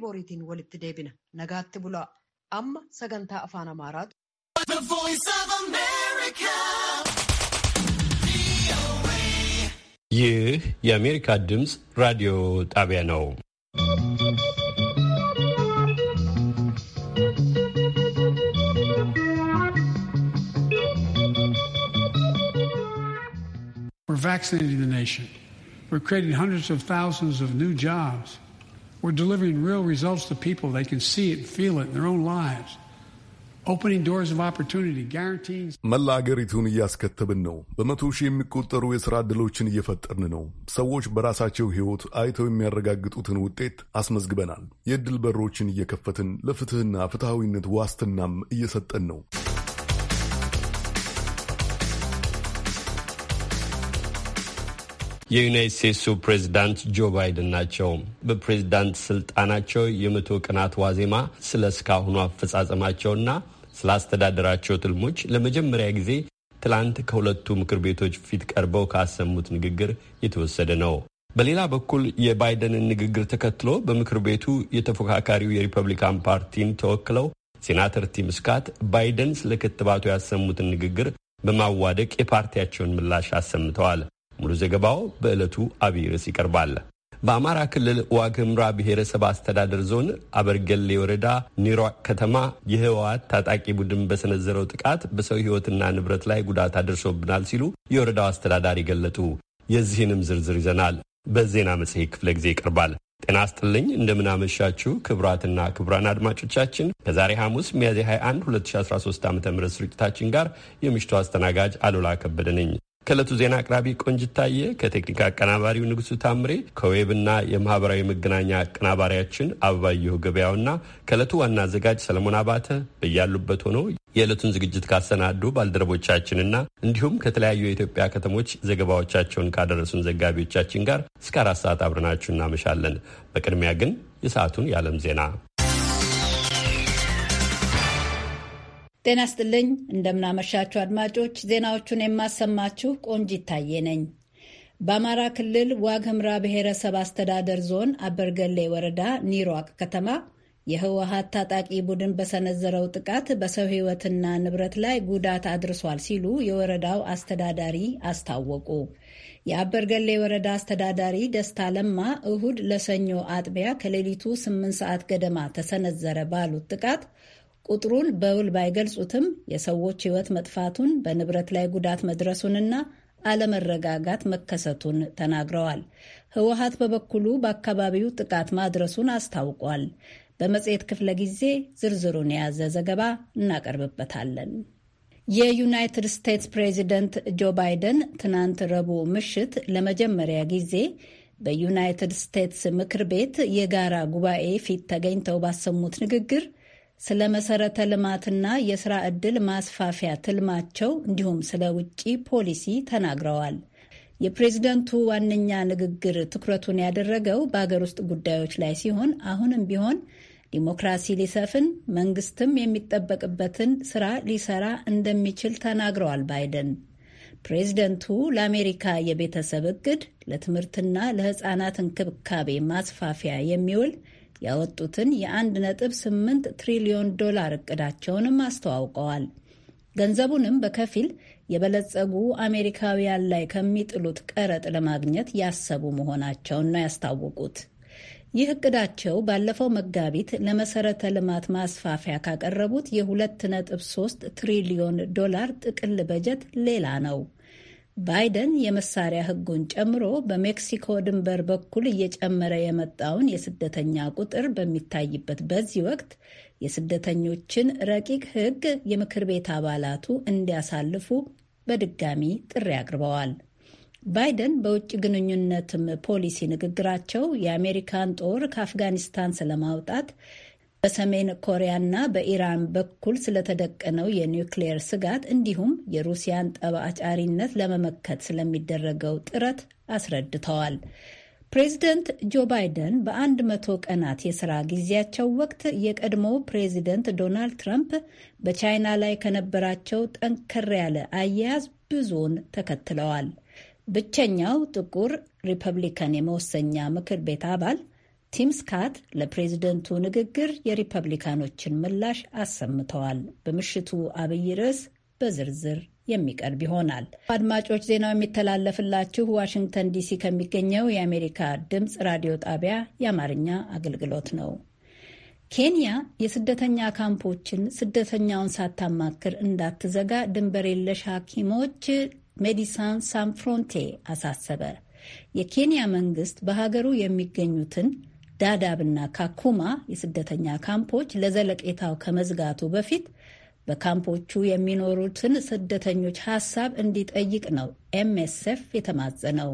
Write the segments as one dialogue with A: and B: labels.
A: boriitiin walitti deebina. Nagaatti bulaa. Amma sagantaa afaan Amaaraatu.
B: ይህ የአሜሪካ ድምፅ ራዲዮ ጣቢያ ነው።
C: We're vaccinating the nation. We're creating hundreds of thousands of new jobs. We're delivering real results to people. They can see it, feel it in their own lives. Opening doors of opportunity,
D: መላ አገሪቱን እያስከተብን ነው። በመቶ ሺህ የሚቆጠሩ የሥራ ዕድሎችን እየፈጠርን ነው። ሰዎች በራሳቸው ሕይወት አይተው የሚያረጋግጡትን ውጤት አስመዝግበናል። የዕድል በሮችን እየከፈትን ለፍትሕና ፍትሐዊነት ዋስትናም እየሰጠን ነው።
B: የዩናይት ስቴትሱ ፕሬዚዳንት ጆ ባይደን ናቸው። በፕሬዚዳንት ስልጣናቸው የመቶ ቀናት ዋዜማ ስለ እስካሁኑ አፈጻጸማቸውና ስለ አስተዳደራቸው ትልሞች ለመጀመሪያ ጊዜ ትላንት ከሁለቱ ምክር ቤቶች ፊት ቀርበው ካሰሙት ንግግር የተወሰደ ነው። በሌላ በኩል የባይደንን ንግግር ተከትሎ በምክር ቤቱ የተፎካካሪው የሪፐብሊካን ፓርቲን ተወክለው ሴናተር ቲም ስካት ባይደን ስለ ክትባቱ ያሰሙትን ንግግር በማዋደቅ የፓርቲያቸውን ምላሽ አሰምተዋል። ሙሉ ዘገባው በዕለቱ አብይ ርዕስ ይቀርባል። በአማራ ክልል ዋግምራ ብሔረሰብ አስተዳደር ዞን አበርገሌ ወረዳ ኒሯ ከተማ የህወሓት ታጣቂ ቡድን በሰነዘረው ጥቃት በሰው ህይወትና ንብረት ላይ ጉዳት አድርሶብናል ሲሉ የወረዳው አስተዳዳሪ ገለጡ። የዚህንም ዝርዝር ይዘናል፣ በዜና መጽሔት ክፍለ ጊዜ ይቀርባል። ጤና አስጥልኝ እንደምናመሻችሁ ክቡራትና ክቡራን አድማጮቻችን ከዛሬ ሐሙስ ሚያዝያ 21 2013 ዓ ም ስርጭታችን ጋር የምሽቱ አስተናጋጅ አሉላ ከበደ ነኝ። ከእለቱ ዜና አቅራቢ ቆንጅታየ፣ ከቴክኒክ አቀናባሪው ንጉሱ ታምሬ፣ ከዌብና የማህበራዊ መገናኛ አቀናባሪያችን አበባየሁ ገበያውና ከእለቱ ዋና አዘጋጅ ሰለሞን አባተ በያሉበት ሆኖ የዕለቱን ዝግጅት ካሰናዱ ባልደረቦቻችንና እንዲሁም ከተለያዩ የኢትዮጵያ ከተሞች ዘገባዎቻቸውን ካደረሱን ዘጋቢዎቻችን ጋር እስከ አራት ሰዓት አብረናችሁ እናመሻለን። በቅድሚያ ግን የሰዓቱን የዓለም ዜና
A: ጤና ስጥልኝ እንደምናመሻችሁ አድማጮች፣ ዜናዎቹን የማሰማችሁ ቆንጅ ይታየ ነኝ። በአማራ ክልል ዋግህምራ ብሔረሰብ አስተዳደር ዞን አበርገሌ ወረዳ ኒሯቅ ከተማ የህወሀት ታጣቂ ቡድን በሰነዘረው ጥቃት በሰው ህይወትና ንብረት ላይ ጉዳት አድርሷል ሲሉ የወረዳው አስተዳዳሪ አስታወቁ። የአበርገሌ ወረዳ አስተዳዳሪ ደስታ ለማ እሁድ ለሰኞ አጥቢያ ከሌሊቱ ስምንት ሰዓት ገደማ ተሰነዘረ ባሉት ጥቃት ቁጥሩን በውል ባይገልጹትም የሰዎች ሕይወት መጥፋቱን በንብረት ላይ ጉዳት መድረሱንና አለመረጋጋት መከሰቱን ተናግረዋል። ህወሀት በበኩሉ በአካባቢው ጥቃት ማድረሱን አስታውቋል። በመጽሔት ክፍለ ጊዜ ዝርዝሩን የያዘ ዘገባ እናቀርብበታለን። የዩናይትድ ስቴትስ ፕሬዚደንት ጆ ባይደን ትናንት ረቡዕ ምሽት ለመጀመሪያ ጊዜ በዩናይትድ ስቴትስ ምክር ቤት የጋራ ጉባኤ ፊት ተገኝተው ባሰሙት ንግግር ስለ መሰረተ ልማትና የስራ ዕድል ማስፋፊያ ትልማቸው እንዲሁም ስለ ውጭ ፖሊሲ ተናግረዋል። የፕሬዝደንቱ ዋነኛ ንግግር ትኩረቱን ያደረገው በአገር ውስጥ ጉዳዮች ላይ ሲሆን አሁንም ቢሆን ዲሞክራሲ ሊሰፍን መንግስትም የሚጠበቅበትን ስራ ሊሰራ እንደሚችል ተናግረዋል ባይደን። ፕሬዝደንቱ ለአሜሪካ የቤተሰብ እቅድ ለትምህርትና ለህፃናት እንክብካቤ ማስፋፊያ የሚውል ያወጡትን የ1.8 ትሪሊዮን ዶላር እቅዳቸውንም አስተዋውቀዋል። ገንዘቡንም በከፊል የበለጸጉ አሜሪካውያን ላይ ከሚጥሉት ቀረጥ ለማግኘት ያሰቡ መሆናቸውን ነው ያስታወቁት። ይህ እቅዳቸው ባለፈው መጋቢት ለመሰረተ ልማት ማስፋፊያ ካቀረቡት የ2.3 ትሪሊዮን ዶላር ጥቅል በጀት ሌላ ነው። ባይደን የመሳሪያ ህጉን ጨምሮ በሜክሲኮ ድንበር በኩል እየጨመረ የመጣውን የስደተኛ ቁጥር በሚታይበት በዚህ ወቅት የስደተኞችን ረቂቅ ህግ የምክር ቤት አባላቱ እንዲያሳልፉ በድጋሚ ጥሪ አቅርበዋል። ባይደን በውጭ ግንኙነትም ፖሊሲ ንግግራቸው የአሜሪካን ጦር ከአፍጋኒስታን ስለማውጣት በሰሜን ኮሪያና በኢራን በኩል ስለተደቀነው የኒውክሌየር ስጋት እንዲሁም የሩሲያን ጠብ አጫሪነት ለመመከት ስለሚደረገው ጥረት አስረድተዋል። ፕሬዚደንት ጆ ባይደን በአንድ መቶ ቀናት የሥራ ጊዜያቸው ወቅት የቀድሞ ፕሬዚደንት ዶናልድ ትራምፕ በቻይና ላይ ከነበራቸው ጠንከር ያለ አያያዝ ብዙውን ተከትለዋል። ብቸኛው ጥቁር ሪፐብሊካን የመወሰኛ ምክር ቤት አባል ቲም ስካት ለፕሬዝደንቱ ንግግር የሪፐብሊካኖችን ምላሽ አሰምተዋል። በምሽቱ አብይ ርዕስ በዝርዝር የሚቀርብ ይሆናል። አድማጮች፣ ዜናው የሚተላለፍላችሁ ዋሽንግተን ዲሲ ከሚገኘው የአሜሪካ ድምፅ ራዲዮ ጣቢያ የአማርኛ አገልግሎት ነው። ኬንያ የስደተኛ ካምፖችን ስደተኛውን ሳታማክር እንዳትዘጋ ድንበር የለሽ ሐኪሞች ሜዲሳን ፍሮንቴ አሳሰበ። የኬንያ መንግስት በሀገሩ የሚገኙትን ዳዳብና ካኩማ የስደተኛ ካምፖች ለዘለቄታው ከመዝጋቱ በፊት በካምፖቹ የሚኖሩትን ስደተኞች ሀሳብ እንዲጠይቅ ነው ኤምኤስኤፍ የተማጸነው።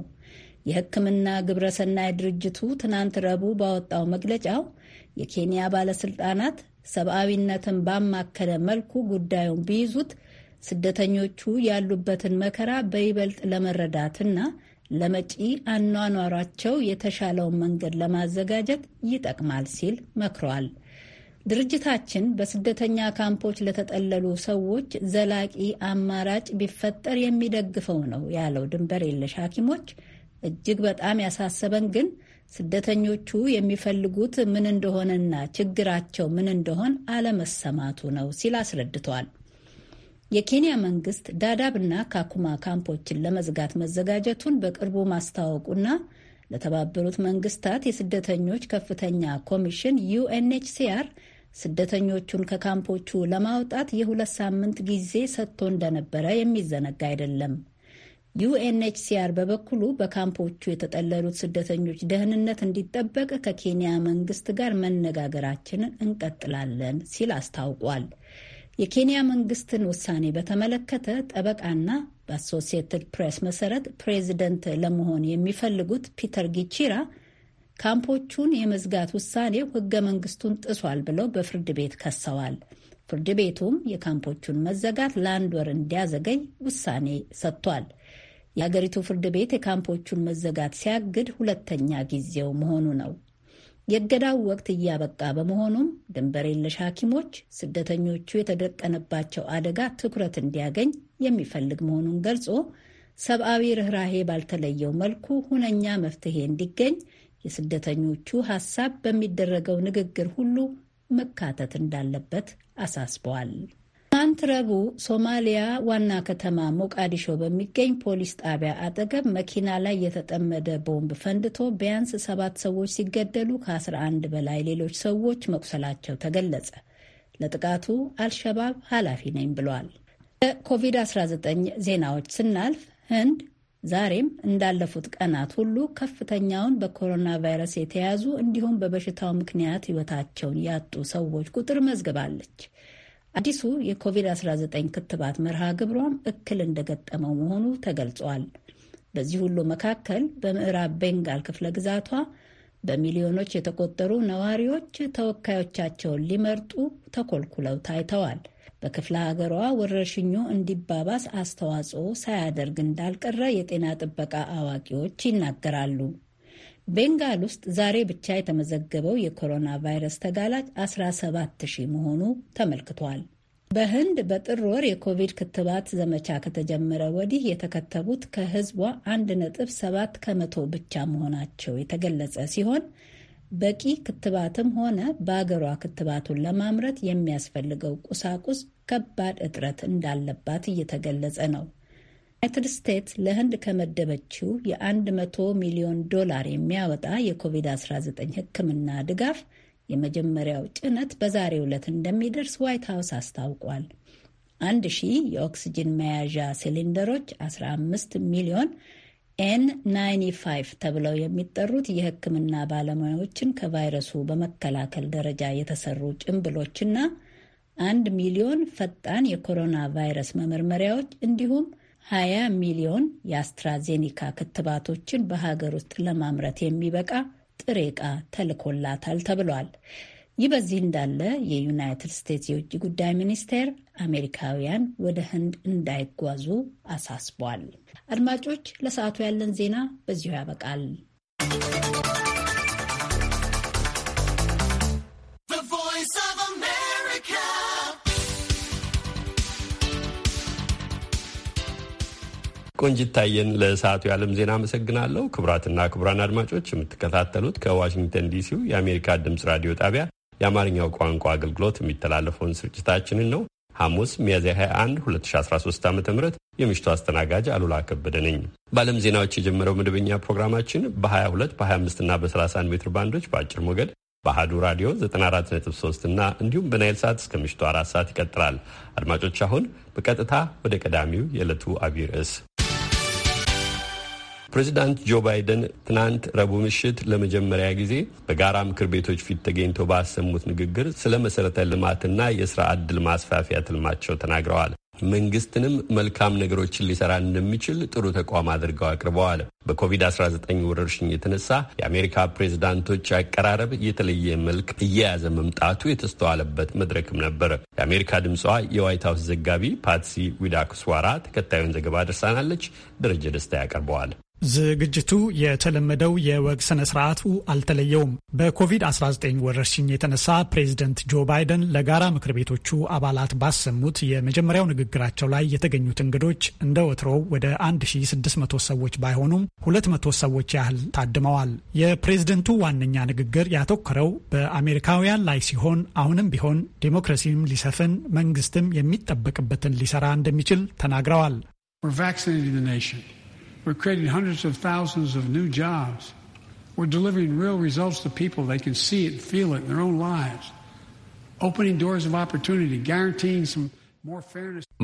A: የሕክምና ግብረሰናይ ድርጅቱ ትናንት ረቡዕ ባወጣው መግለጫው የኬንያ ባለስልጣናት ሰብአዊነትን ባማከለ መልኩ ጉዳዩን ቢይዙት ስደተኞቹ ያሉበትን መከራ በይበልጥ ለመረዳትና ለመጪ አኗኗሯቸው የተሻለውን መንገድ ለማዘጋጀት ይጠቅማል ሲል መክሯል። ድርጅታችን በስደተኛ ካምፖች ለተጠለሉ ሰዎች ዘላቂ አማራጭ ቢፈጠር የሚደግፈው ነው ያለው ድንበር የለሽ ሐኪሞች እጅግ በጣም ያሳሰበን ግን ስደተኞቹ የሚፈልጉት ምን እንደሆነና ችግራቸው ምን እንደሆን አለመሰማቱ ነው ሲል አስረድቷል። የኬንያ መንግስት ዳዳብና ካኩማ ካምፖችን ለመዝጋት መዘጋጀቱን በቅርቡ ማስታወቁና ለተባበሩት መንግስታት የስደተኞች ከፍተኛ ኮሚሽን ዩኤንኤችሲአር ስደተኞቹን ከካምፖቹ ለማውጣት የሁለት ሳምንት ጊዜ ሰጥቶ እንደነበረ የሚዘነጋ አይደለም። ዩኤንኤችሲአር በበኩሉ በካምፖቹ የተጠለሉት ስደተኞች ደህንነት እንዲጠበቅ ከኬንያ መንግስት ጋር መነጋገራችንን እንቀጥላለን ሲል አስታውቋል። የኬንያ መንግስትን ውሳኔ በተመለከተ ጠበቃና በአሶሲየትድ ፕሬስ መሰረት ፕሬዚደንት ለመሆን የሚፈልጉት ፒተር ጊቺራ ካምፖቹን የመዝጋት ውሳኔው ህገ መንግስቱን ጥሷል ብለው በፍርድ ቤት ከሰዋል። ፍርድ ቤቱም የካምፖቹን መዘጋት ለአንድ ወር እንዲያዘገይ ውሳኔ ሰጥቷል። የአገሪቱ ፍርድ ቤት የካምፖቹን መዘጋት ሲያግድ ሁለተኛ ጊዜው መሆኑ ነው። የእገዳው ወቅት እያበቃ በመሆኑም ድንበር የለሽ ሐኪሞች ስደተኞቹ የተደቀነባቸው አደጋ ትኩረት እንዲያገኝ የሚፈልግ መሆኑን ገልጾ ሰብአዊ ርኅራሄ ባልተለየው መልኩ ሁነኛ መፍትሄ እንዲገኝ የስደተኞቹ ሀሳብ በሚደረገው ንግግር ሁሉ መካተት እንዳለበት አሳስበዋል። ትናንት ረቡዕ ሶማሊያ ዋና ከተማ ሞቃዲሾ በሚገኝ ፖሊስ ጣቢያ አጠገብ መኪና ላይ የተጠመደ ቦምብ ፈንድቶ ቢያንስ ሰባት ሰዎች ሲገደሉ ከ11 በላይ ሌሎች ሰዎች መቁሰላቸው ተገለጸ። ለጥቃቱ አልሸባብ ኃላፊ ነኝ ብሏል። ለኮቪድ-19 ዜናዎች ስናልፍ ህንድ ዛሬም እንዳለፉት ቀናት ሁሉ ከፍተኛውን በኮሮና ቫይረስ የተያዙ እንዲሁም በበሽታው ምክንያት ህይወታቸውን ያጡ ሰዎች ቁጥር መዝግባለች። አዲሱ የኮቪድ-19 ክትባት መርሃ ግብሯም እክል እንደገጠመው መሆኑ ተገልጿል። በዚህ ሁሉ መካከል በምዕራብ ቤንጋል ክፍለ ግዛቷ በሚሊዮኖች የተቆጠሩ ነዋሪዎች ተወካዮቻቸውን ሊመርጡ ተኮልኩለው ታይተዋል። በክፍለ ሀገሯ ወረርሽኙ እንዲባባስ አስተዋጽኦ ሳያደርግ እንዳልቀረ የጤና ጥበቃ አዋቂዎች ይናገራሉ። ቤንጋል ውስጥ ዛሬ ብቻ የተመዘገበው የኮሮና ቫይረስ ተጋላጭ 17 ሺህ መሆኑ ተመልክቷል። በህንድ በጥር ወር የኮቪድ ክትባት ዘመቻ ከተጀመረ ወዲህ የተከተቡት ከህዝቧ 1.7 ከመቶ ብቻ መሆናቸው የተገለጸ ሲሆን በቂ ክትባትም ሆነ በአገሯ ክትባቱን ለማምረት የሚያስፈልገው ቁሳቁስ ከባድ እጥረት እንዳለባት እየተገለጸ ነው። ዩናይትድ ስቴትስ ለህንድ ከመደበችው የ100 ሚሊዮን ዶላር የሚያወጣ የኮቪድ-19 ሕክምና ድጋፍ የመጀመሪያው ጭነት በዛሬ ዕለት እንደሚደርስ ዋይት ሀውስ አስታውቋል። አንድ ሺህ የኦክስጅን መያዣ ሲሊንደሮች 15 ሚሊዮን ኤን 95 ተብለው የሚጠሩት የህክምና ባለሙያዎችን ከቫይረሱ በመከላከል ደረጃ የተሰሩ ጭንብሎችና አንድ ሚሊዮን ፈጣን የኮሮና ቫይረስ መመርመሪያዎች እንዲሁም 20 ሚሊዮን የአስትራዜኒካ ክትባቶችን በሀገር ውስጥ ለማምረት የሚበቃ ጥሬ ዕቃ ተልኮላታል ተብሏል። ይህ በዚህ እንዳለ የዩናይትድ ስቴትስ የውጭ ጉዳይ ሚኒስቴር አሜሪካውያን ወደ ህንድ እንዳይጓዙ አሳስቧል። አድማጮች፣ ለሰዓቱ ያለን ዜና በዚሁ ያበቃል።
B: ቆንጅታየን ለሰዓቱ የዓለም ዜና አመሰግናለሁ። ክቡራትና ክቡራን አድማጮች የምትከታተሉት ከዋሽንግተን ዲሲው የአሜሪካ ድምፅ ራዲዮ ጣቢያ የአማርኛው ቋንቋ አገልግሎት የሚተላለፈውን ስርጭታችንን ነው። ሐሙስ ሚያዝያ 21 2013 ዓ ም የምሽቱ አስተናጋጅ አሉላ ከበደ ነኝ። በዓለም ዜናዎች የጀመረው መደበኛ ፕሮግራማችን በ22 በ25 እና በ31 ሜትር ባንዶች በአጭር ሞገድ በአህዱ ራዲዮ 943 እና እንዲሁም በናይል ሰዓት እስከ ምሽቱ አራት ሰዓት ይቀጥላል። አድማጮች አሁን በቀጥታ ወደ ቀዳሚው የዕለቱ አቢይ ርዕስ ፕሬዚዳንት ጆ ባይደን ትናንት ረቡዕ ምሽት ለመጀመሪያ ጊዜ በጋራ ምክር ቤቶች ፊት ተገኝተው ባሰሙት ንግግር ስለ መሰረተ ልማትና የስራ ዕድል ማስፋፊያ ትልማቸው ተናግረዋል። መንግስትንም መልካም ነገሮችን ሊሰራ እንደሚችል ጥሩ ተቋም አድርገው አቅርበዋል። በኮቪድ-19 ወረርሽኝ የተነሳ የአሜሪካ ፕሬዝዳንቶች አቀራረብ የተለየ መልክ እየያዘ መምጣቱ የተስተዋለበት መድረክም ነበር። የአሜሪካ ድምጿ የዋይት ሀውስ ዘጋቢ ፓትሲ ዊዳክስዋራ ተከታዩን ዘገባ ደርሳናለች። ደረጀ ደስታ ያቀርበዋል።
E: ዝግጅቱ የተለመደው የወግ ስነ ስርዓቱ አልተለየውም። በኮቪድ-19 ወረርሽኝ የተነሳ ፕሬዝደንት ጆ ባይደን ለጋራ ምክር ቤቶቹ አባላት ባሰሙት የመጀመሪያው ንግግራቸው ላይ የተገኙት እንግዶች እንደ ወትሮው ወደ 1600 ሰዎች ባይሆኑም 200 ሰዎች ያህል ታድመዋል። የፕሬዝደንቱ ዋነኛ ንግግር ያተኮረው በአሜሪካውያን ላይ ሲሆን አሁንም ቢሆን ዴሞክራሲም ሊሰፍን መንግስትም የሚጠበቅበትን ሊሰራ
C: እንደሚችል ተናግረዋል። We're creating hundreds of thousands of new jobs. We're delivering real results to people. They can see it, feel it in their own lives. Opening doors of opportunity, guaranteeing some more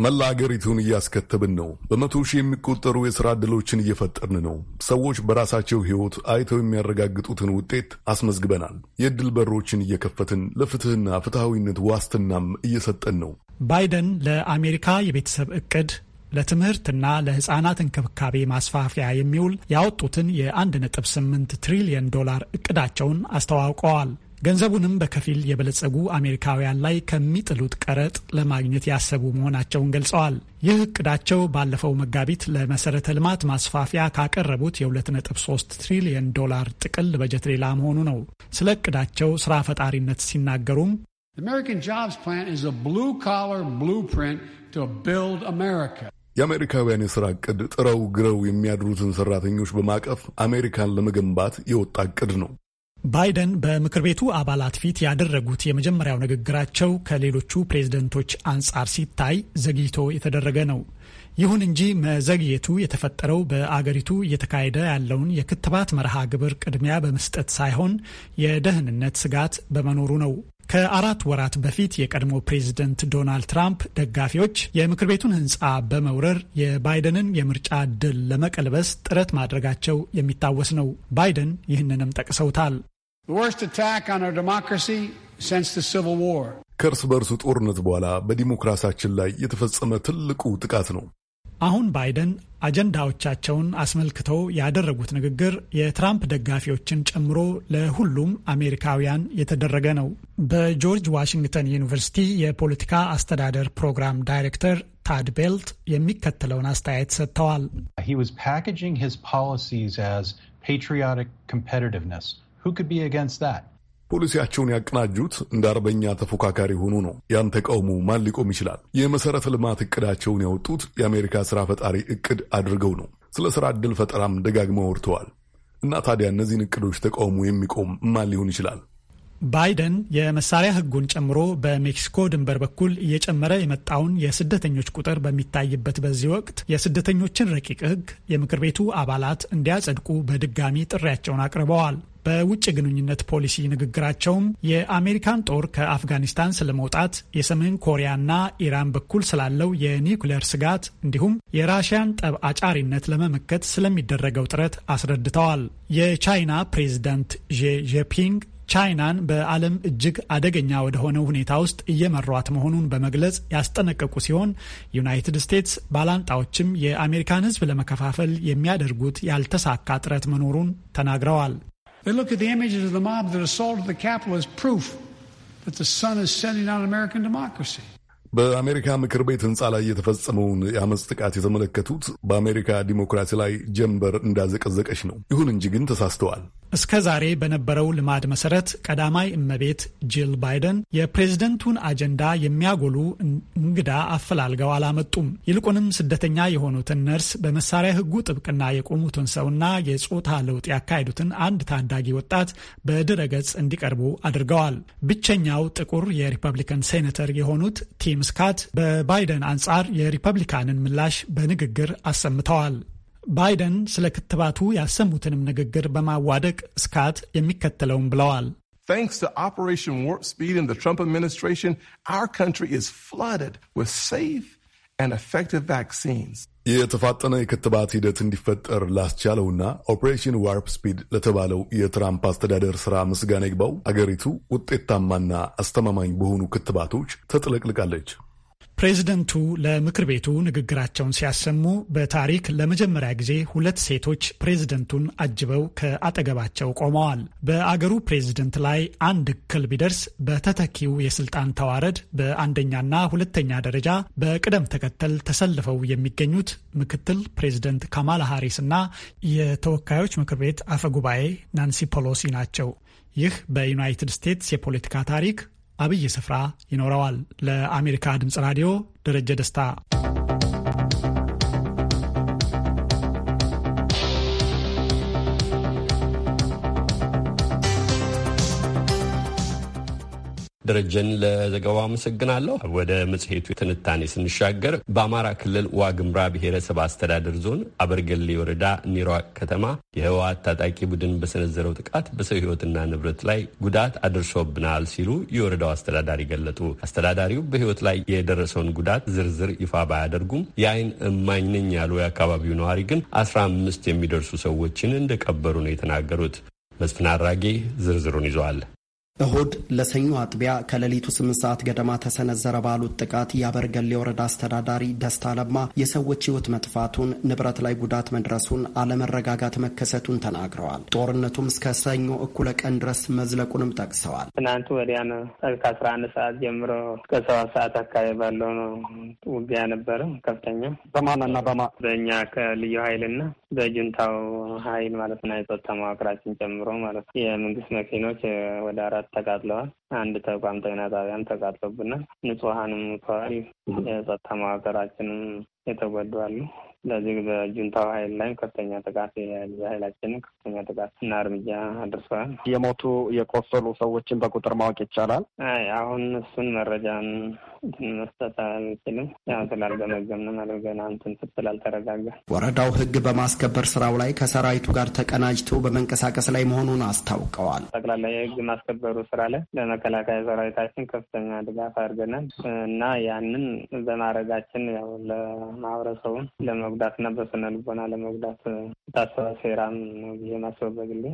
D: መላ አገሪቱን እያስከተብን ነው። በመቶ ሺህ የሚቆጠሩ የሥራ ዕድሎችን እየፈጠርን ነው። ሰዎች በራሳቸው ሕይወት አይተው የሚያረጋግጡትን ውጤት አስመዝግበናል። የዕድል በሮችን እየከፈትን ለፍትሕና ፍትሐዊነት ዋስትናም እየሰጠን ነው።
E: ባይደን ለአሜሪካ የቤተሰብ ዕቅድ ለትምህርትና ለህፃናት እንክብካቤ ማስፋፊያ የሚውል ያወጡትን የ1.8 ትሪሊየን ዶላር እቅዳቸውን አስተዋውቀዋል። ገንዘቡንም በከፊል የበለጸጉ አሜሪካውያን ላይ ከሚጥሉት ቀረጥ ለማግኘት ያሰቡ መሆናቸውን ገልጸዋል። ይህ እቅዳቸው ባለፈው መጋቢት ለመሰረተ ልማት ማስፋፊያ ካቀረቡት የ2.3 ትሪሊየን ዶላር ጥቅል በጀት ሌላ መሆኑ ነው። ስለ እቅዳቸው ስራ ፈጣሪነት
C: ሲናገሩም The American Jobs Plan is a blue-collar blueprint to build
D: America. የአሜሪካውያን የስራ እቅድ ጥረው ግረው የሚያድሩትን ሰራተኞች በማቀፍ አሜሪካን ለመገንባት የወጣ እቅድ ነው።
E: ባይደን በምክር ቤቱ አባላት ፊት ያደረጉት የመጀመሪያው ንግግራቸው ከሌሎቹ ፕሬዝደንቶች አንጻር ሲታይ ዘግይቶ የተደረገ ነው። ይሁን እንጂ መዘግየቱ የተፈጠረው በአገሪቱ እየተካሄደ ያለውን የክትባት መርሃ ግብር ቅድሚያ በመስጠት ሳይሆን የደህንነት ስጋት በመኖሩ ነው። ከአራት ወራት በፊት የቀድሞ ፕሬዝደንት ዶናልድ ትራምፕ ደጋፊዎች የምክር ቤቱን ህንፃ በመውረር የባይደንን የምርጫ ድል ለመቀልበስ ጥረት ማድረጋቸው የሚታወስ ነው። ባይደን ይህንንም ጠቅሰውታል።
D: ከእርስ በእርሱ ጦርነት በኋላ በዲሞክራሲያችን ላይ የተፈጸመ ትልቁ ጥቃት ነው።
E: አሁን ባይደን አጀንዳዎቻቸውን አስመልክተው ያደረጉት ንግግር የትራምፕ ደጋፊዎችን ጨምሮ ለሁሉም አሜሪካውያን የተደረገ ነው። በጆርጅ ዋሽንግተን ዩኒቨርሲቲ የፖለቲካ አስተዳደር ፕሮግራም ዳይሬክተር ታድ ቤልት የሚከተለውን አስተያየት ሰጥተዋል።
F: ፓትሪዮቲክ ኮምፒቲቲቭነስ
D: ፖሊሲያቸውን ያቀናጁት እንደ አርበኛ ተፎካካሪ ሆኖ ነው። ያን ተቃውሞ ማን ሊቆም ይችላል? የመሠረተ ልማት እቅዳቸውን ያወጡት የአሜሪካ ሥራ ፈጣሪ እቅድ አድርገው ነው። ስለ ሥራ ዕድል ፈጠራም ደጋግመው አውርተዋል። እና ታዲያ እነዚህን እቅዶች ተቃውሞ የሚቆም ማን ሊሆን ይችላል? ባይደን የመሳሪያ
E: ሕጉን ጨምሮ በሜክሲኮ ድንበር በኩል እየጨመረ የመጣውን የስደተኞች ቁጥር በሚታይበት በዚህ ወቅት የስደተኞችን ረቂቅ ሕግ የምክር ቤቱ አባላት እንዲያጸድቁ በድጋሚ ጥሪያቸውን አቅርበዋል። በውጭ ግንኙነት ፖሊሲ ንግግራቸውም የአሜሪካን ጦር ከአፍጋኒስታን ስለመውጣት፣ የሰሜን ኮሪያና ኢራን በኩል ስላለው የኒውክሌር ስጋት እንዲሁም የራሽያን ጠብ አጫሪነት ለመመከት ስለሚደረገው ጥረት አስረድተዋል። የቻይና ፕሬዚዳንት ዢ ቻይናን በዓለም እጅግ አደገኛ ወደሆነው ሁኔታ ውስጥ እየመሯት መሆኑን በመግለጽ ያስጠነቀቁ ሲሆን ዩናይትድ ስቴትስ ባላንጣዎችም የአሜሪካን ሕዝብ ለመከፋፈል የሚያደርጉት ያልተሳካ ጥረት መኖሩን
C: ተናግረዋል። They look at the images of the mob that assaulted the Capitol as proof that the sun is setting on American democracy.
D: በአሜሪካ ምክር ቤት ህንፃ ላይ የተፈጸመውን የአመፅ ጥቃት የተመለከቱት በአሜሪካ ዲሞክራሲ ላይ ጀንበር እንዳዘቀዘቀች ነው። ይሁን እንጂ ግን ተሳስተዋል።
E: እስከ ዛሬ በነበረው ልማድ መሰረት ቀዳማይ እመቤት ጂል ባይደን የፕሬዝደንቱን አጀንዳ የሚያጎሉ እንግዳ አፈላልገው አላመጡም። ይልቁንም ስደተኛ የሆኑትን ነርስ፣ በመሳሪያ ህጉ ጥብቅና የቆሙትን ሰውና የጾታ ለውጥ ያካሄዱትን አንድ ታዳጊ ወጣት በድረገጽ እንዲቀርቡ አድርገዋል። ብቸኛው ጥቁር የሪፐብሊካን ሴኔተር የሆኑት ቲም ምስካት በባይደን አንጻር የሪፐብሊካንን ምላሽ በንግግር አሰምተዋል። ባይደን ስለ ክትባቱ ያሰሙትንም ንግግር በማዋደቅ ስካት የሚከተለውን ብለዋል።
D: Thanks to Operation Warp Speed and the Trump administration, our country is flooded with safe and effective vaccines. የተፋጠነ የክትባት ሂደት እንዲፈጠር ላስቻለውና ኦፕሬሽን ዋርፕ ስፒድ ለተባለው የትራምፕ አስተዳደር ስራ ምስጋና ይግባው አገሪቱ ውጤታማና አስተማማኝ በሆኑ ክትባቶች ተጥለቅልቃለች።
E: ፕሬዝደንቱ ለምክር ቤቱ ንግግራቸውን ሲያሰሙ በታሪክ ለመጀመሪያ ጊዜ ሁለት ሴቶች ፕሬዝደንቱን አጅበው ከአጠገባቸው ቆመዋል። በአገሩ ፕሬዝደንት ላይ አንድ እክል ቢደርስ በተተኪው የስልጣን ተዋረድ በአንደኛና ሁለተኛ ደረጃ በቅደም ተከተል ተሰልፈው የሚገኙት ምክትል ፕሬዝደንት ካማላ ሃሪስ እና የተወካዮች ምክር ቤት አፈ ጉባኤ ናንሲ ፖሎሲ ናቸው። ይህ በዩናይትድ ስቴትስ የፖለቲካ ታሪክ አብይ ስፍራ ይኖረዋል። ለአሜሪካ ድምፅ ራዲዮ ደረጀ ደስታ
B: ደረጀን ለዘገባው አመሰግናለሁ። ወደ መጽሔቱ ትንታኔ ስንሻገር በአማራ ክልል ዋግምራ ብሔረሰብ አስተዳደር ዞን አበርገሌ ወረዳ ኒሯቅ ከተማ የህወሓት ታጣቂ ቡድን በሰነዘረው ጥቃት በሰው ህይወትና ንብረት ላይ ጉዳት አድርሶብናል ሲሉ የወረዳው አስተዳዳሪ ገለጡ። አስተዳዳሪው በህይወት ላይ የደረሰውን ጉዳት ዝርዝር ይፋ ባያደርጉም የአይን እማኝ ነኝ ያሉ የአካባቢው ነዋሪ ግን አስራ አምስት የሚደርሱ ሰዎችን እንደቀበሩ ነው የተናገሩት። መስፍን አራጌ ዝርዝሩን ይዘዋል።
G: እሁድ ለሰኞ አጥቢያ ከሌሊቱ ስምንት ሰዓት ገደማ ተሰነዘረ ባሉት ጥቃት የአበርገሌ ወረዳ አስተዳዳሪ ደስታ ለማ የሰዎች ሕይወት መጥፋቱን፣ ንብረት ላይ ጉዳት መድረሱን፣ አለመረጋጋት መከሰቱን ተናግረዋል። ጦርነቱም እስከ ሰኞ እኩለ ቀን ድረስ መዝለቁንም ጠቅሰዋል።
H: ትናንቱ ወዲያ ነው ከአስራ አንድ ሰዓት ጀምሮ እስከ ሰባት ሰዓት አካባቢ ባለው ነው ውጊያ ነበረ። ከፍተኛ በማንና በማ በእኛ ከልዩ ኃይልና በጁንታው ኃይል ማለት ነው የጸጥታ መዋቅራችን ጨምሮ ማለት የመንግስት መኪኖች ወደ አራት ተቃጥለዋል። አንድ ተቋም ጤና ጣቢያም ተቃጥሎብናል። ንጹሀንም ሙተዋል። የጸጥታ መዋቅራችንም የተጎዱ አሉ። ስለዚህ በጁንታው ኃይል ላይም ከፍተኛ ጥቃት ኃይላችንም ከፍተኛ ጥቃት እና እርምጃ አድርሰዋል።
I: የሞቱ የቆሰሉ ሰዎችን በቁጥር ማወቅ ይቻላል?
H: አይ አሁን እሱን መረጃን መስጠት አንችልም። ያው ማለት ገና እንትን ስትል አልተረጋጋ።
G: ወረዳው ህግ በማስከበር ስራው ላይ ከሰራዊቱ ጋር ተቀናጅቶ በመንቀሳቀስ ላይ መሆኑን አስታውቀዋል።
H: ጠቅላላ የህግ ማስከበሩ ስራ ላይ ለመከላከያ ሰራዊታችን ከፍተኛ ድጋፍ አድርገናል እና ያንን በማድረጋችን ያው ለማህበረሰቡን ለመጉዳትና በስነ ልቦና ለመጉዳት ታሰበ ሴራም ነው ብዬ ማስበው በግሌ።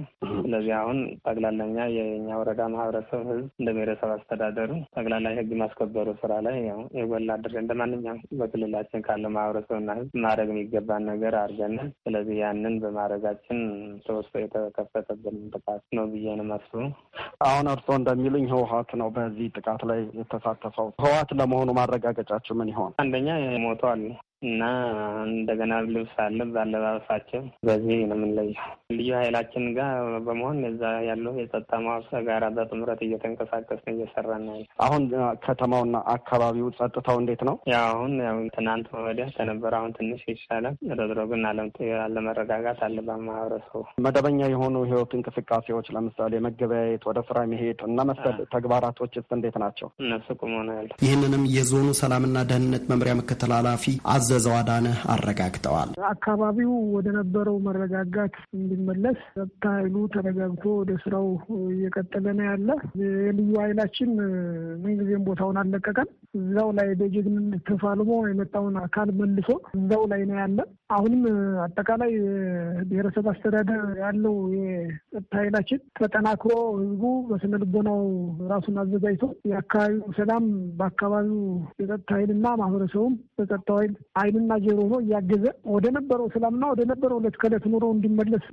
H: ስለዚህ አሁን ጠቅላላኛ የኛ ወረዳ ማህበረሰብ ህዝብ እንደ ብሔረሰብ አስተዳደሩ ጠቅላላ የህግ ማስከበሩ ስራ ላይ ያው የጎላ አድርገን እንደማንኛውም በክልላችን ካለ ማህበረሰብና ህዝብ ማድረግ የሚገባን ነገር አድርገናል። ስለዚህ ያንን በማድረጋችን ተወስቶ የተከፈተብን ጥቃት ነው ብዬ ነው አሁን እርስዎ እንደሚሉኝ ህወሀት ነው
I: በዚህ ጥቃት ላይ የተሳተፈው። ህወሀት ለመሆኑ ማረጋገጫቸው ምን ይሆን?
H: አንደኛ ሞቷል፣ እና እንደገና ልብስ አለ በአለባበሳቸው በዚህ ነው የምንለየው። ልዩ ኃይላችን ጋር በመሆን እዛ ያለው የጸጥታ መዋቅር ጋራ በጥምረት እየተንቀሳቀስን እየሰራ ነው። አሁን ከተማውና አካባቢው ጸጥታው እንዴት ነው? አሁን ትናንት ወዲያ ተነበረ። አሁን ትንሽ ይሻላል። ረድሮ ግን አለመረጋጋት አለ በማህበረሰቡ። መደበኛ
I: የሆኑ ህይወት እንቅስቃሴዎች ለምሳሌ መገበያየት፣ ወደ ስራ መሄድ እና መሰል ተግባራቶችስ
G: እንዴት ናቸው?
H: እነሱ ቁሞ ነው ያለ።
G: ይህንንም የዞኑ ሰላምና ደህንነት መምሪያ ምክትል ኃላፊ አዘዘው አዳነ አረጋግጠዋል።
H: አካባቢው ወደ ነበረው መረጋጋት እንዲመለስ ጸጥታ ኃይሉ ተረጋግቶ ወደ ስራው እየቀጠለ ነው ያለ። የልዩ ኃይላችን ምንጊዜም ቦታውን አልለቀቀም። እዛው ላይ በጀግንነት ተፋልሞ የመጣውን አካል መልሶ እዛው ላይ ነው ያለ። አሁንም አጠቃላይ ብሔረሰብ አስተዳደር ያለው የጸጥታ ኃይላችን ተጠናክሮ ህዝቡ በስነ ልቦናው ራሱን አዘጋጅቶ የአካባቢው ሰላም በአካባቢው የጸጥታ ኃይልና ማህበረሰቡም በጸጥታ ኃይል አይንና ጆሮ ሆኖ እያገዘ ወደ ነበረው ሰላምና ወደ ነበረው ዕለት ከዕለት ኑሮ እንዲመለስ